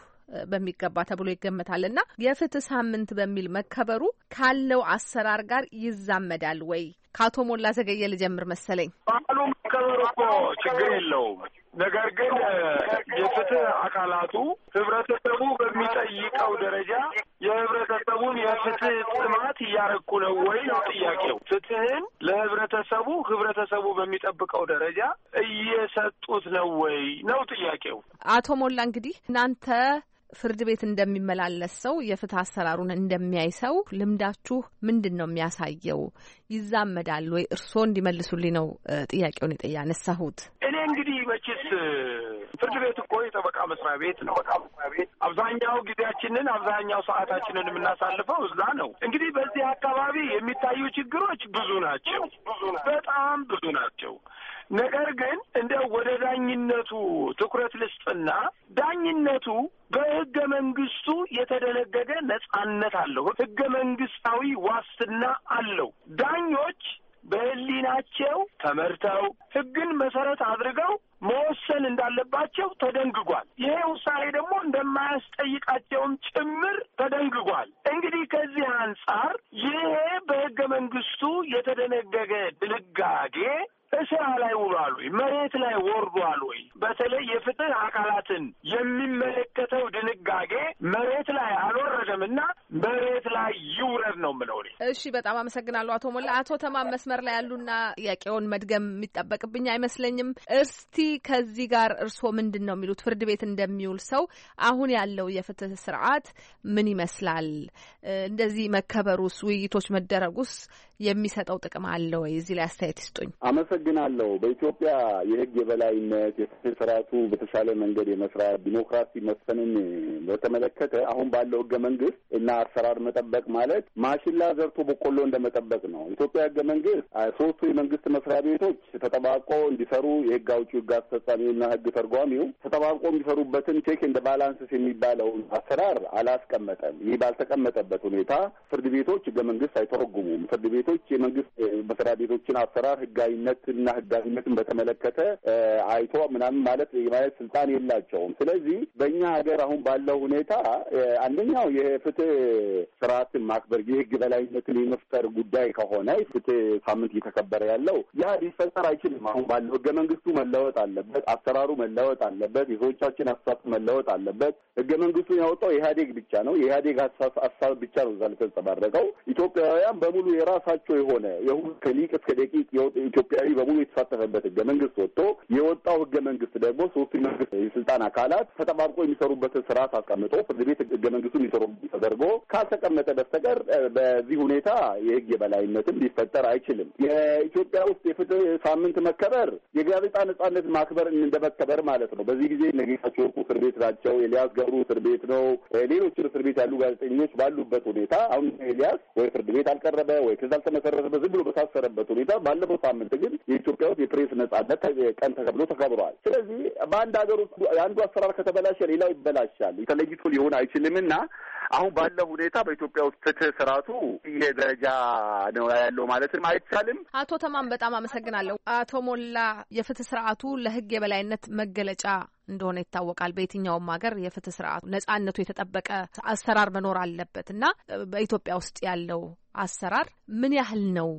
በሚገባ ተብሎ ይገመታል እና የፍትህ ሳምንት በሚል መከበሩ ካለው አሰራር ጋር ይዛመዳል ወይ? ከአቶ ሞላ ዘገየ ልጀምር መሰለኝ። በዓሉ መከበሩ እኮ ችግር የለውም። ነገር ግን የፍትህ አካላቱ ህብረተሰቡ በሚጠይቀው ደረጃ ህብረተሰቡን የፍትህ ጥማት እያረኩ ነው ወይ ነው ጥያቄው። ፍትህን ለህብረተሰቡ ህብረተሰቡ በሚጠብቀው ደረጃ እየሰጡት ነው ወይ ነው ጥያቄው። አቶ ሞላ እንግዲህ እናንተ ፍርድ ቤት እንደሚመላለስ ሰው የፍትህ አሰራሩን እንደሚያይ ሰው ልምዳችሁ ምንድን ነው የሚያሳየው? ይዛመዳል ወይ? እርስዎ እንዲመልሱልኝ ነው ጥያቄውን ያነሳሁት። እኔ እንግዲህ መቼስ ፍርድ ቤት እኮ የጠበቃ መስሪያ ቤት ነው። አብዛኛው ጊዜያችንን አብዛኛው ሰዓታችንን የምናሳልፈው እዛ ነው። እንግዲህ በዚህ አካባቢ የሚታዩ ችግሮች ብዙ ናቸው፣ በጣም ብዙ ናቸው። ነገር ግን እንደው ወደ ዳኝነቱ ትኩረት ልስጥና ዳኝነቱ በህገ መንግስቱ የተደነገገ ነጻነት አለው። ህገ መንግስታዊ ዋስትና አለው። ዳኞች በህሊናቸው ተመርተው ህግን መሰረት አድርገው መወሰን እንዳለባቸው ተደንግጓል። ይሄ ውሳኔ ደግሞ እንደማያስጠይቃቸውም ጭምር ተደንግጓል። እንግዲህ ከዚህ አንጻር ይሄ በህገ መንግስቱ የተደነገገ ድንጋጌ ስራ ላይ ውሏል ወይ? መሬት ላይ ወርዷል ወይ? በተለይ የፍትህ አካላትን የሚመለከተው ድንጋጌ መሬት ላይ አልወረደም እና መሬት ላይ ይውረድ ነው የምለው እሺ፣ በጣም አመሰግናለሁ አቶ ሞላ። አቶ ተማም መስመር ላይ ያሉና ጥያቄውን መድገም የሚጠበቅብኝ አይመስለኝም። እስቲ ከዚህ ጋር እርስዎ ምንድን ነው የሚሉት? ፍርድ ቤት እንደሚውል ሰው አሁን ያለው የፍትህ ስርዓት ምን ይመስላል? እንደዚህ መከበሩስ፣ ውይይቶች መደረጉስ የሚሰጠው ጥቅም አለ ወይ? እዚህ ላይ አስተያየት ይስጡኝ። አመሰግናለሁ። በኢትዮጵያ የህግ የበላይነት የፍትህ ስርዓቱ በተሻለ መንገድ የመስራት ዲሞክራሲ መስፈንን በተመለከተ አሁን ባለው ህገ መንግስት እና አሰራር መጠበቅ ማለት ማሽላ ዘርቶ በቆሎ እንደመጠበቅ ነው። ኢትዮጵያ ህገ መንግስት ሶስቱ የመንግስት መስሪያ ቤቶች ተጠባቆ እንዲሰሩ የህግ አውጪው፣ ህግ አስፈጻሚውና ህግ ተርጓሚው ተጠባቆ የሚሰሩበትን ቼክ እንደ ባላንስስ የሚባለውን አሰራር አላስቀመጠም። ይህ ባልተቀመጠበት ሁኔታ ፍርድ ቤቶች ህገ መንግስት አይተረጉሙም። ፍርድ ቤት ቤቶች የመንግስት መስሪያ ቤቶችን አሰራር ህጋዊነት ህጋዊነትና ህጋዊነትን በተመለከተ አይቶ ምናምን ማለት የማለት ስልጣን የላቸውም። ስለዚህ በእኛ ሀገር አሁን ባለው ሁኔታ አንደኛው የፍትህ ስርዓትን ማክበር የህግ በላይነትን የመፍጠር ጉዳይ ከሆነ ፍትህ ሳምንት እየተከበረ ያለው ያ ሊፈጠር አይችልም። አሁን ባለው ህገ መንግስቱ መለወጥ አለበት፣ አሰራሩ መለወጥ አለበት፣ የሰዎቻችን አስተሳሰብ መለወጥ አለበት። ህገ መንግስቱን ያወጣው ኢህአዴግ ብቻ ነው። የኢህአዴግ ሀሳብ ብቻ ነው እዛ ለተንጸባረቀው ኢትዮጵያውያን በሙሉ የራሳ የራሳቸው የሆነ የሁሉ ከሊቅ እስከ ደቂቅ ኢትዮጵያዊ በሙሉ የተሳተፈበት ህገ መንግስት ወጥቶ የወጣው ህገ መንግስት ደግሞ ሶስት መንግስት የስልጣን አካላት ተጠባብቆ የሚሰሩበትን ስርዓት አስቀምጦ ፍርድ ቤት ህገ መንግስቱ የሚሰሩ ተደርጎ ካልተቀመጠ በስተቀር በዚህ ሁኔታ የህግ የበላይነትም ሊፈጠር አይችልም። የኢትዮጵያ ውስጥ የፍትህ ሳምንት መከበር የጋዜጣ ነጻነት ማክበር እንደመከበር ማለት ነው። በዚህ ጊዜ ነጌታቸው ወርቁ እስር ቤት ናቸው። ኤልያስ ገብሩ እስር ቤት ነው። ሌሎችን እስር ቤት ያሉ ጋዜጠኞች ባሉበት ሁኔታ አሁን ኤልያስ ወይ ፍርድ ቤት አልቀረበ ወይ ትዝ ባልተመሰረተበት ዝም ብሎ በታሰረበት ሁኔታ ባለፈው ሳምንት ግን የኢትዮጵያ ውስጥ የፕሬስ ነጻነት ቀን ተከብሎ ተከብረዋል። ስለዚህ በአንድ ሀገር ውስጥ የአንዱ አሰራር ከተበላሸ ሌላው ይበላሻል። ተለይቶ ሊሆን አይችልም እና አሁን ባለው ሁኔታ በኢትዮጵያ ውስጥ ፍትህ ስርዓቱ ይሄ ደረጃ ነው ያለው ማለትም አይቻልም። አቶ ተማም በጣም አመሰግናለሁ። አቶ ሞላ የፍትህ ስርዓቱ ለህግ የበላይነት መገለጫ እንደሆነ ይታወቃል። በየትኛውም ሀገር የፍትህ ስርዓቱ ነጻነቱ የተጠበቀ አሰራር መኖር አለበት እና በኢትዮጵያ ውስጥ ያለው አሰራር ምን ያህል ነው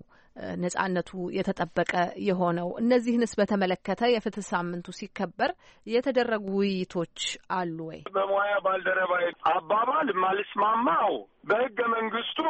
ነጻነቱ የተጠበቀ የሆነው? እነዚህንስ በተመለከተ የፍትህ ሳምንቱ ሲከበር የተደረጉ ውይይቶች አሉ ወይ? በሙያ ባልደረባ አባባል ማልስማማው በህገ መንግስቱ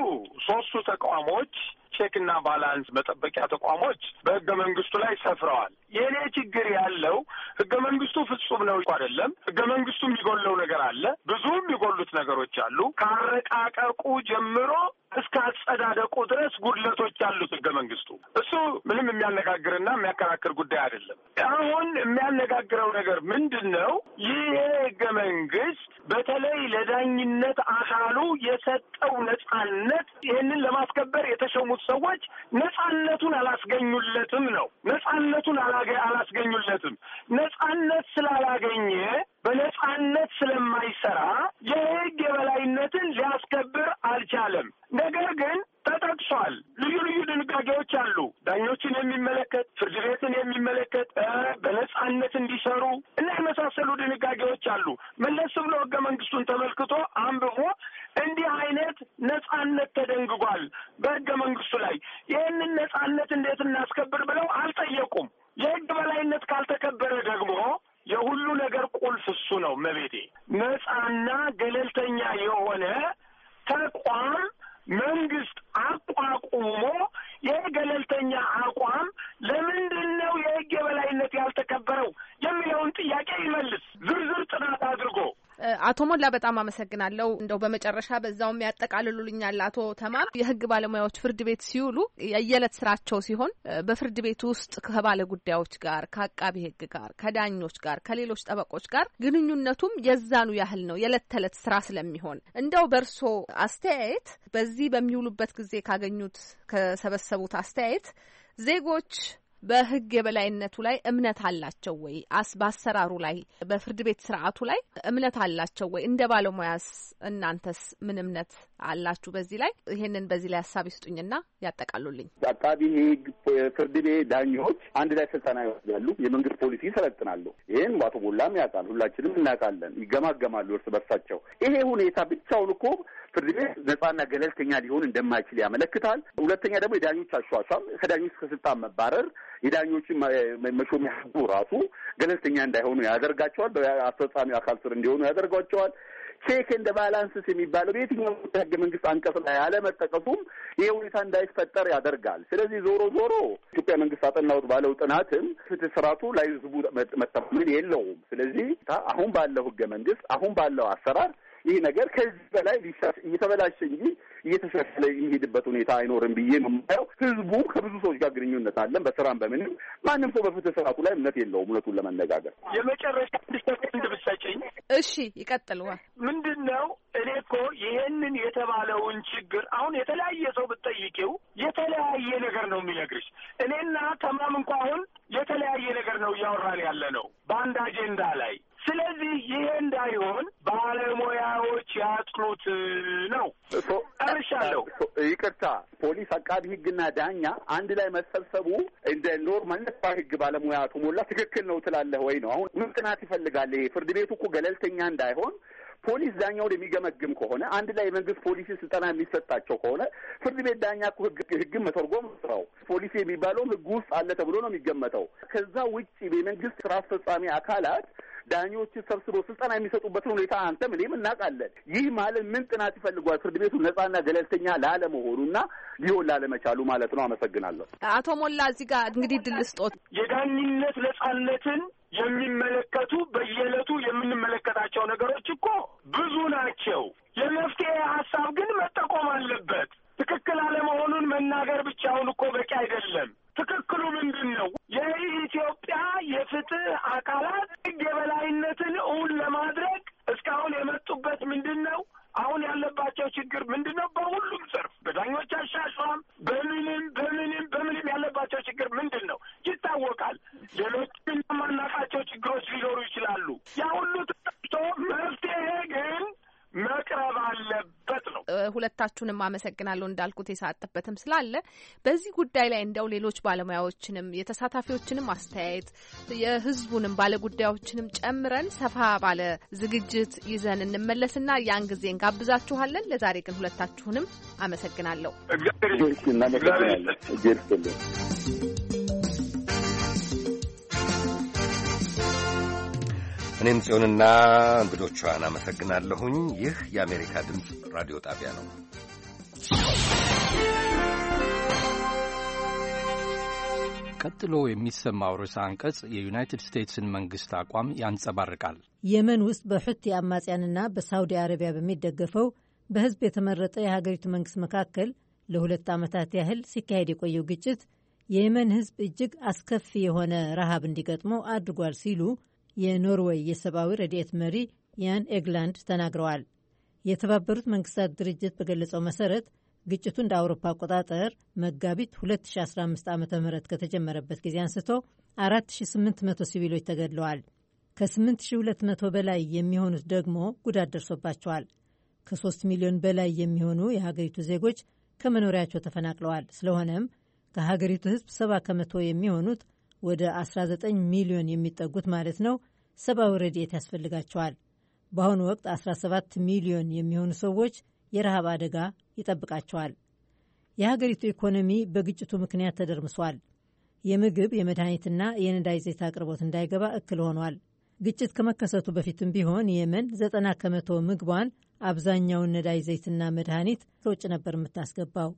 ሶስቱ ተቋሞች ቼክና ባላንስ መጠበቂያ ተቋሞች በህገ መንግስቱ ላይ ሰፍረዋል። የእኔ ችግር ያለው ህገ መንግስቱ ፍጹም ነው አይደለም። ህገ መንግስቱ የሚጎለው ነገር አለ። ብዙ የሚጎሉት ነገሮች አሉ። ከአረቃቀቁ ጀምሮ እስከ አጸዳደቁ ድረስ ጉድለቶች ያሉት ህገ መንግስቱ እሱ ምንም የሚያነጋግርና የሚያከራክር ጉዳይ አይደለም። አሁን የሚያነጋግረው ነገር ምንድን ነው? ይሄ ህገ መንግስት በተለይ ለዳኝነት አካሉ የሰጠው ነጻነት ይህንን ለማስከበር የተሾሙት ሰዎች ነጻነቱን አላስገኙለትም ነው። ነጻነቱን አላስገኙለትም። ነጻነት ስላላገኘ በነጻነት ስለማይሰራ የህግ የበላይነትን ሊያስከብር አልቻለም። ነገር ግን ተጠቅሷል። ልዩ ልዩ ድንጋጌዎች አሉ። ዳኞችን የሚመለከት ፍርድ ቤትን የሚመለከት በነጻነት እንዲሰሩ እና የመሳሰሉ ድንጋጌዎች አሉ። መለስ ብሎ ሕገ መንግስቱን ተመልክቶ አንብቦ እንዲህ አይነት ነጻነት ተደንግጓል በህገ መንግስቱ ላይ ይህንን ነጻነት እንዴት እናስከብር ብለው አልጠየቁም። የህግ በላይነት ካልተከበረ ደግሞ የሁሉ ነገር ቁልፍ እሱ ነው። መቤቴ ነጻና ገለልተኛ የሆነ ተቋም መንግስት አቋቁሞ የገለልተኛ አቋም ለምንድን ነው የህግ የበላይነት ያልተከበረው የሚለውን ጥያቄ ይመልስ ዝርዝር ጥናት አድርጎ። አቶ ሞላ በጣም አመሰግናለሁ። እንደው በመጨረሻ በዛውም ያጠቃልሉልኛል። አቶ ተማም የህግ ባለሙያዎች ፍርድ ቤት ሲውሉ የየዕለት ስራቸው ሲሆን በፍርድ ቤት ውስጥ ከባለ ጉዳዮች ጋር፣ ከአቃቢ ህግ ጋር፣ ከዳኞች ጋር፣ ከሌሎች ጠበቆች ጋር ግንኙነቱም የዛኑ ያህል ነው የዕለት ተዕለት ስራ ስለሚሆን እንደው በእርሶ አስተያየት በዚህ በሚውሉበት ጊዜ ካገኙት ከሰበሰቡት አስተያየት ዜጎች በህግ የበላይነቱ ላይ እምነት አላቸው ወይ? አስ በአሰራሩ ላይ በፍርድ ቤት ስርዓቱ ላይ እምነት አላቸው ወይ? እንደ ባለሙያስ እናንተስ ምን እምነት አላችሁ በዚህ ላይ? ይሄንን በዚህ ላይ ሀሳብ ይስጡኝና ያጠቃሉልኝ። አቃቢ ህግ፣ ፍርድ ቤት፣ ዳኞች አንድ ላይ ስልጠና ይወስዳሉ፣ የመንግስት ፖሊሲ ይሰለጥናሉ። ይህን አቶ ቦላም ያውቃል፣ ሁላችንም እናውቃለን። ይገማገማሉ እርስ በርሳቸው። ይሄ ሁኔታ ብቻውን እኮ ፍርድ ቤት ነጻና ገለልተኛ ሊሆን እንደማይችል ያመለክታል። ሁለተኛ ደግሞ የዳኞች አሿሿም፣ ከዳኞች ከስልጣን መባረር የዳኞችን መሾሚያ ሕጉ ራሱ ገለልተኛ እንዳይሆኑ ያደርጋቸዋል። በአስፈጻሚ አካል ስር እንዲሆኑ ያደርጓቸዋል። ቼክ እንደ ባላንስስ የሚባለው በየትኛው ህገ መንግስት አንቀጽ ላይ አለመጠቀሱም ይሄ ሁኔታ እንዳይፈጠር ያደርጋል። ስለዚህ ዞሮ ዞሮ ኢትዮጵያ መንግስት አጠናውት ባለው ጥናትም ፍትህ ስርዓቱ ላይ ህዝቡ መተማመን የለውም። ስለዚህ አሁን ባለው ህገ መንግስት አሁን ባለው አሰራር ይህ ነገር ከዚህ በላይ እየተበላሸ እንጂ እየተሻሻለ የሚሄድበት ሁኔታ አይኖርም ብዬ ነው የማየው። ህዝቡ ከብዙ ሰዎች ጋር ግንኙነት አለን፣ በስራም በምንም ማንም ሰው በፍትህ ስርዓቱ ላይ እምነት የለውም። እውነቱን ለመነጋገር የመጨረሻ እንድ ብሰጭኝ፣ እሺ ይቀጥልዋል። ምንድን ነው እኔ እኮ ይሄንን የተባለውን ችግር አሁን የተለያየ ሰው ብትጠይቂው የተለያየ ነገር ነው የሚነግርሽ። እኔና ተማም እንኳ አሁን የተለያየ ነገር ነው እያወራን ያለ ነው በአንድ አጀንዳ ላይ ስለዚህ ይሄ እንዳይሆን ባለሙያዎች ያጥሉት ነው። እርሻለሁ። ይቅርታ፣ ፖሊስ፣ አቃቢ ህግና ዳኛ አንድ ላይ መሰብሰቡ እንደ ኖርማል ነፋ ህግ ባለሙያ አቶ ሞላ ትክክል ነው ትላለህ ወይ ነው? አሁን ምን ጥናት ይፈልጋል? ይሄ ፍርድ ቤቱ እኮ ገለልተኛ እንዳይሆን ፖሊስ ዳኛውን የሚገመግም ከሆነ አንድ ላይ የመንግስት ፖሊሲ ስልጠና የሚሰጣቸው ከሆነ ፍርድ ቤት ዳኛ እኮ ህግን መተርጎም ስራው ፖሊሲ የሚባለውም ህግ ውስጥ አለ ተብሎ ነው የሚገመተው። ከዛ ውጭ የመንግስት ስራ አስፈጻሚ አካላት ዳኞችን ሰብስበው ስልጠና የሚሰጡበትን ሁኔታ አንተም እኔም እናውቃለን። ይህ ማለት ምን ጥናት ይፈልጓል? ፍርድ ቤቱ ነጻና ገለልተኛ ላለመሆኑና ሊሆን ላለመቻሉ ማለት ነው። አመሰግናለሁ። አቶ ሞላ እዚህ ጋር እንግዲህ ድል ስጦት የዳኝነት ነጻነትን የሚመለከቱ በየዕለቱ የምንመለከታቸው ነገሮች እኮ ብዙ ናቸው። የመፍትሄ ሀሳብ ግን መጠቆም አለበት። ትክክል አለመሆኑን መናገር ብቻውን እኮ በቂ አይደለም። ትክክሉ ምንድን ነው? የኢትዮጵያ የፍትህ አካላት ህግ የበላይነትን እውን ለማድረግ እስካሁን የመጡበት ምንድን ነው? አሁን ያለባቸው ችግር ምንድን ነው? በሁሉም ዘርፍ በዳኞች አሻሿም፣ በምንም በምንም በምንም ያለባቸው ችግር ምንድን ነው ይታወቃል። ሌሎችም የማናቃቸው ችግሮች ሊኖሩ ይችላሉ። ያ ሁሉ መፍትሄ ግን መቅረብ አለበት ነው። ሁለታችሁንም አመሰግናለሁ። እንዳልኩት የሳጠበትም ስላለ በዚህ ጉዳይ ላይ እንደው ሌሎች ባለሙያዎችንም የተሳታፊዎችንም አስተያየት የህዝቡንም ባለጉዳዮችንም ጨምረን ሰፋ ባለ ዝግጅት ይዘን እንመለስና ያን ጊዜ እንጋብዛችኋለን። ለዛሬ ግን ሁለታችሁንም አመሰግናለሁ። እኔም ጽዮንና እንግዶቿን አመሰግናለሁኝ። ይህ የአሜሪካ ድምፅ ራዲዮ ጣቢያ ነው። ቀጥሎ የሚሰማው ርዕሰ አንቀጽ የዩናይትድ ስቴትስን መንግስት አቋም ያንጸባርቃል። የመን ውስጥ በሑቲ አማጽያንና በሳውዲ አረቢያ በሚደገፈው በህዝብ የተመረጠ የሀገሪቱ መንግስት መካከል ለሁለት ዓመታት ያህል ሲካሄድ የቆየው ግጭት የየመን ህዝብ እጅግ አስከፊ የሆነ ረሃብ እንዲገጥመው አድርጓል ሲሉ የኖርዌይ የሰብአዊ ረድኤት መሪ ያን ኤግላንድ ተናግረዋል። የተባበሩት መንግስታት ድርጅት በገለጸው መሰረት ግጭቱ እንደ አውሮፓ አቆጣጠር መጋቢት 2015 ዓ ም ከተጀመረበት ጊዜ አንስቶ 4800 ሲቪሎች ተገድለዋል። ከ8200 በላይ የሚሆኑት ደግሞ ጉዳት ደርሶባቸዋል። ከ3 ሚሊዮን በላይ የሚሆኑ የሀገሪቱ ዜጎች ከመኖሪያቸው ተፈናቅለዋል። ስለሆነም ከሀገሪቱ ህዝብ 70 ከመቶ የሚሆኑት ወደ 19 ሚሊዮን የሚጠጉት ማለት ነው ሰብአዊ ረድኤት ያስፈልጋቸዋል። በአሁኑ ወቅት 17 ሚሊዮን የሚሆኑ ሰዎች የረሃብ አደጋ ይጠብቃቸዋል። የሀገሪቱ ኢኮኖሚ በግጭቱ ምክንያት ተደርምሷል። የምግብ የመድኃኒትና የነዳጅ ዘይት አቅርቦት እንዳይገባ እክል ሆኗል። ግጭት ከመከሰቱ በፊትም ቢሆን የመን 90 ከመቶ ምግቧን አብዛኛውን ነዳጅ ዘይትና መድኃኒት ከውጭ ነበር የምታስገባው።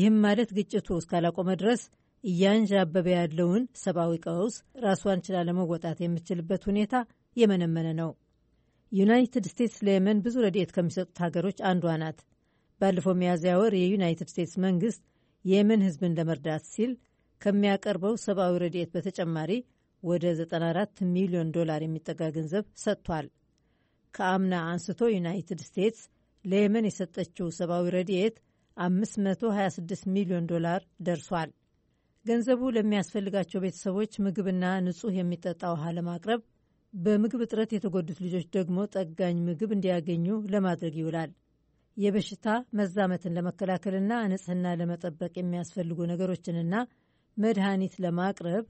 ይህም ማለት ግጭቱ እስካላቆመ ድረስ እያንዣበበ ያለውን ሰብአዊ ቀውስ ራሷን ችላ ለመወጣት የምትችልበት ሁኔታ የመነመነ ነው። ዩናይትድ ስቴትስ ለየመን ብዙ ረድኤት ከሚሰጡት ሀገሮች አንዷ ናት። ባለፈው ሚያዝያ ወር የዩናይትድ ስቴትስ መንግስት የየመን ህዝብን ለመርዳት ሲል ከሚያቀርበው ሰብአዊ ረድኤት በተጨማሪ ወደ 94 ሚሊዮን ዶላር የሚጠጋ ገንዘብ ሰጥቷል። ከአምና አንስቶ ዩናይትድ ስቴትስ ለየመን የሰጠችው ሰብአዊ ረድኤት 526 ሚሊዮን ዶላር ደርሷል። ገንዘቡ ለሚያስፈልጋቸው ቤተሰቦች ምግብና ንጹህ የሚጠጣ ውሃ ለማቅረብ፣ በምግብ እጥረት የተጎዱት ልጆች ደግሞ ጠጋኝ ምግብ እንዲያገኙ ለማድረግ ይውላል። የበሽታ መዛመትን ለመከላከልና ንጽህና ለመጠበቅ የሚያስፈልጉ ነገሮችንና መድኃኒት ለማቅረብ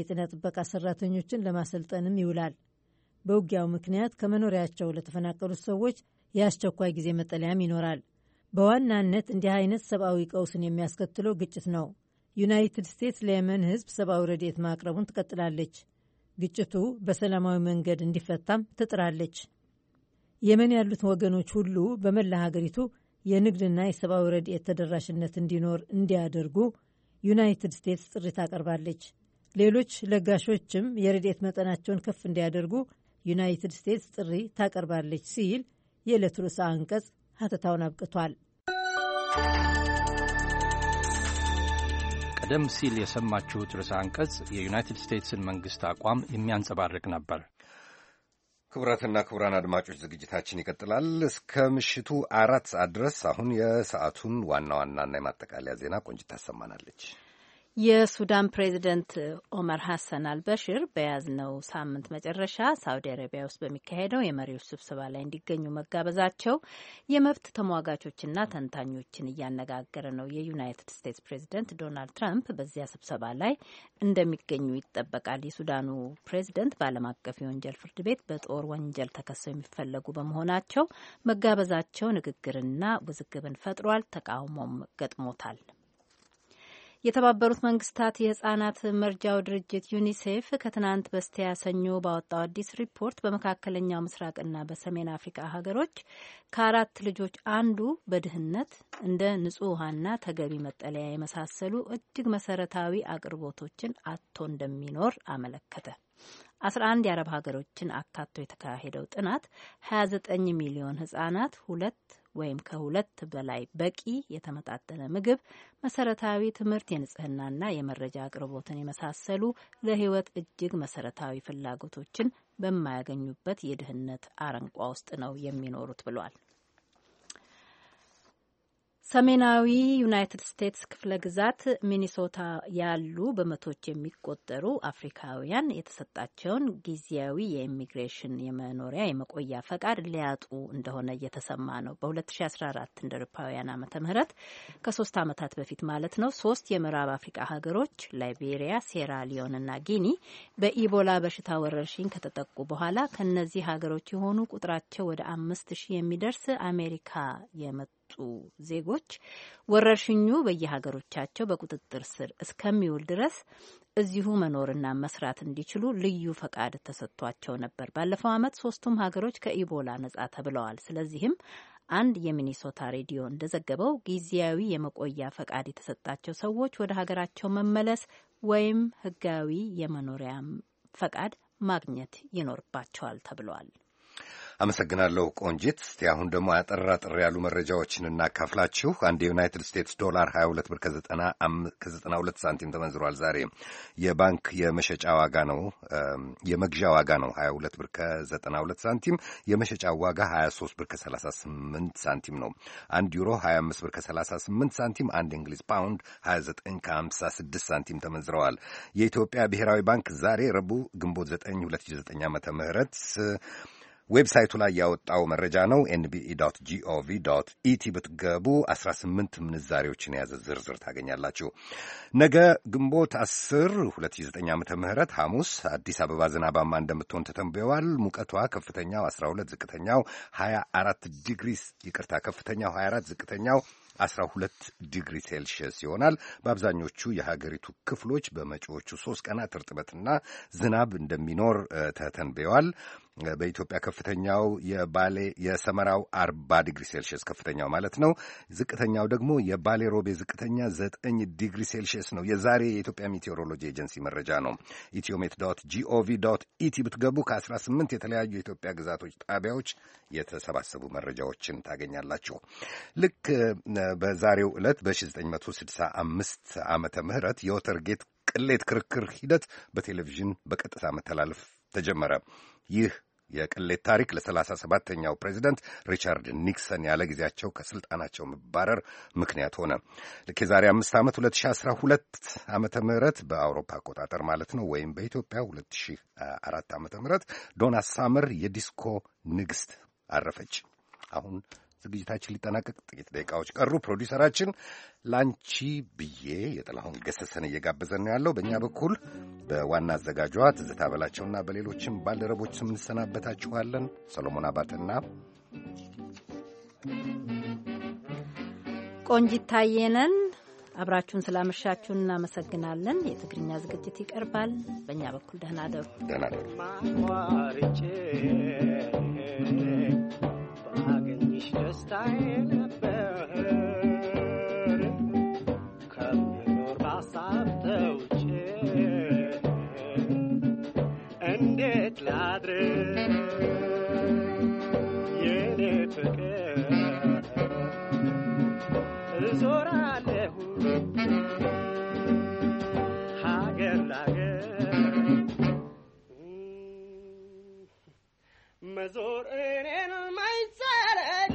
የጤና ጥበቃ ሰራተኞችን ለማሰልጠንም ይውላል። በውጊያው ምክንያት ከመኖሪያቸው ለተፈናቀሉት ሰዎች የአስቸኳይ ጊዜ መጠለያም ይኖራል። በዋናነት እንዲህ አይነት ሰብአዊ ቀውስን የሚያስከትለው ግጭት ነው። ዩናይትድ ስቴትስ ለየመን ህዝብ ሰብአዊ ረድኤት ማቅረቡን ትቀጥላለች። ግጭቱ በሰላማዊ መንገድ እንዲፈታም ትጥራለች። የመን ያሉት ወገኖች ሁሉ በመላ ሀገሪቱ የንግድና የሰብአዊ ረድኤት ተደራሽነት እንዲኖር እንዲያደርጉ ዩናይትድ ስቴትስ ጥሪ ታቀርባለች። ሌሎች ለጋሾችም የረድኤት መጠናቸውን ከፍ እንዲያደርጉ ዩናይትድ ስቴትስ ጥሪ ታቀርባለች ሲል የዕለቱ ርዕሰ አንቀጽ ሀተታውን አብቅቷል። ቀደም ሲል የሰማችሁት ርዕሰ አንቀጽ የዩናይትድ ስቴትስን መንግሥት አቋም የሚያንጸባርቅ ነበር። ክቡራትና ክቡራን አድማጮች ዝግጅታችን ይቀጥላል እስከ ምሽቱ አራት ሰዓት ድረስ። አሁን የሰዓቱን ዋና ዋናና የማጠቃለያ ዜና ቆንጅት ታሰማናለች። የሱዳን ፕሬዚደንት ኦመር ሀሰን አልበሽር በያዝነው ሳምንት መጨረሻ ሳውዲ አረቢያ ውስጥ በሚካሄደው የመሪዎች ስብሰባ ላይ እንዲገኙ መጋበዛቸው የመብት ተሟጋቾችና ተንታኞችን እያነጋገረ ነው። የዩናይትድ ስቴትስ ፕሬዚደንት ዶናልድ ትራምፕ በዚያ ስብሰባ ላይ እንደሚገኙ ይጠበቃል። የሱዳኑ ፕሬዚደንት በዓለም አቀፍ የወንጀል ፍርድ ቤት በጦር ወንጀል ተከሰው የሚፈለጉ በመሆናቸው መጋበዛቸው ንግግርና ውዝግብን ፈጥሯል። ተቃውሞም ገጥሞታል። የተባበሩት መንግስታት የህጻናት መርጃው ድርጅት ዩኒሴፍ ከትናንት በስቲያ ሰኞ ባወጣው አዲስ ሪፖርት በመካከለኛው ምስራቅና በሰሜን አፍሪካ ሀገሮች ከአራት ልጆች አንዱ በድህነት እንደ ንጹህ ውሃና ተገቢ መጠለያ የመሳሰሉ እጅግ መሰረታዊ አቅርቦቶችን አጥቶ እንደሚኖር አመለከተ። 11 የአረብ ሀገሮችን አካቶ የተካሄደው ጥናት 29 ሚሊዮን ህጻናት ሁለት ወይም ከሁለት በላይ በቂ የተመጣጠነ ምግብ፣ መሰረታዊ ትምህርት፣ የንጽህናና የመረጃ አቅርቦትን የመሳሰሉ ለህይወት እጅግ መሰረታዊ ፍላጎቶችን በማያገኙበት የድህነት አረንቋ ውስጥ ነው የሚኖሩት ብሏል። ሰሜናዊ ዩናይትድ ስቴትስ ክፍለ ግዛት ሚኒሶታ ያሉ በመቶች የሚቆጠሩ አፍሪካውያን የተሰጣቸውን ጊዜያዊ የኢሚግሬሽን የመኖሪያ የመቆያ ፈቃድ ሊያጡ እንደሆነ እየተሰማ ነው። በ2014 እንደ አውሮፓውያን ዓመተ ምህረት ከሶስት ዓመታት በፊት ማለት ነው ሶስት የምዕራብ አፍሪካ ሀገሮች ላይቤሪያ፣ ሴራ እና ጊኒ በኢቦላ በሽታ ወረርሽኝ ከተጠቁ በኋላ ከነዚህ ሀገሮች የሆኑ ቁጥራቸው ወደ አምስት ሺህ የሚደርስ አሜሪካ የመጡ የወጡ ዜጎች ወረርሽኙ በየሀገሮቻቸው በቁጥጥር ስር እስከሚውል ድረስ እዚሁ መኖርና መስራት እንዲችሉ ልዩ ፈቃድ ተሰጥቷቸው ነበር። ባለፈው ዓመት ሶስቱም ሀገሮች ከኢቦላ ነጻ ተብለዋል። ስለዚህም አንድ የሚኒሶታ ሬዲዮ እንደዘገበው ጊዜያዊ የመቆያ ፈቃድ የተሰጣቸው ሰዎች ወደ ሀገራቸው መመለስ ወይም ህጋዊ የመኖሪያ ፈቃድ ማግኘት ይኖርባቸዋል ተብለዋል። አመሰግናለሁ ቆንጂት። እስቲ አሁን ደግሞ አጠራ ጥር ያሉ መረጃዎችን እናካፍላችሁ። አንድ የዩናይትድ ስቴትስ ዶላር 22 ብር ከ92 ሳንቲም ተመንዝሯል። ዛሬ የባንክ የመሸጫ ዋጋ ነው የመግዣ ዋጋ ነው 22 ብር ከ92 ሳንቲም፣ የመሸጫ ዋጋ 23 ብር ከ38 ሳንቲም ነው። አንድ ዩሮ 25 ብር ከ38 ሳንቲም፣ አንድ እንግሊዝ ፓውንድ 29 ከ56 ሳንቲም ተመንዝረዋል። የኢትዮጵያ ብሔራዊ ባንክ ዛሬ ረቡዕ ግንቦት 9 2009 ዓ ም ዌብሳይቱ ላይ ያወጣው መረጃ ነው። ኤንቢኢ ጂኦቪ ኢቲ ብትገቡ 18 ምንዛሬዎችን የያዘ ዝርዝር ታገኛላችሁ። ነገ ግንቦት 10 2009 ዓ ም ሐሙስ አዲስ አበባ ዝናባማ እንደምትሆን ተተንብየዋል። ሙቀቷ ከፍተኛው 12፣ ዝቅተኛው 24 ዲግሪ ይቅርታ፣ ከፍተኛው 24፣ ዝቅተኛው 12 ዲግሪ ሴልሽየስ ይሆናል። በአብዛኞቹ የሀገሪቱ ክፍሎች በመጪዎቹ ሶስት ቀናት እርጥበትና ዝናብ እንደሚኖር ተተንብየዋል። በኢትዮጵያ ከፍተኛው የባሌ የሰመራው አርባ ዲግሪ ሴልሽየስ ከፍተኛው ማለት ነው። ዝቅተኛው ደግሞ የባሌ ሮቤ ዝቅተኛ ዘጠኝ ዲግሪ ሴልሽየስ ነው። የዛሬ የኢትዮጵያ ሜቴዎሮሎጂ ኤጀንሲ መረጃ ነው። ኢትዮሜት ዶት ጂኦቪ ዶት ኢቲ ብትገቡ ከ18 የተለያዩ የኢትዮጵያ ግዛቶች ጣቢያዎች የተሰባሰቡ መረጃዎችን ታገኛላችሁ። ልክ በዛሬው ዕለት በ1965 ዓመተ ምህረት የወተርጌት ቅሌት ክርክር ሂደት በቴሌቪዥን በቀጥታ መተላለፍ ተጀመረ። ይህ የቅሌት ታሪክ ለሰላሳ ሰባተኛው ፕሬዚደንት ሪቻርድ ኒክሰን ያለ ጊዜያቸው ከስልጣናቸው መባረር ምክንያት ሆነ። ልክ የዛሬ አምስት ዓመት 2012 ዓመተ ምህረት በአውሮፓ አቆጣጠር ማለት ነው ወይም በኢትዮጵያ 2004 ዓመተ ምህረት ዶና ሳመር የዲስኮ ንግሥት አረፈች። አሁን ዝግጅታችን ሊጠናቀቅ ጥቂት ደቂቃዎች ቀሩ። ፕሮዲውሰራችን ላንቺ ብዬ የጥላሁን ገሰሰን እየጋበዘን ነው ያለው። በእኛ በኩል በዋና አዘጋጇ ትዝታ በላቸውና በሌሎችም ባልደረቦች ስም እንሰናበታችኋለን። ሰሎሞን አባተና ቆንጂት ታየነን አብራችሁን ስላመሻችሁን እናመሰግናለን። የትግርኛ ዝግጅት ይቀርባል። በእኛ በኩል ደህና ደሩ ደህና ደሩ ትንሽ ደስታዬ ነበር ከምኖር ባሳብ ተውቼ እንዴት ላድርግ የኔ ፍቅር እዞራለሁ ሀገር ላገር መዞር እኔን ማይቻለን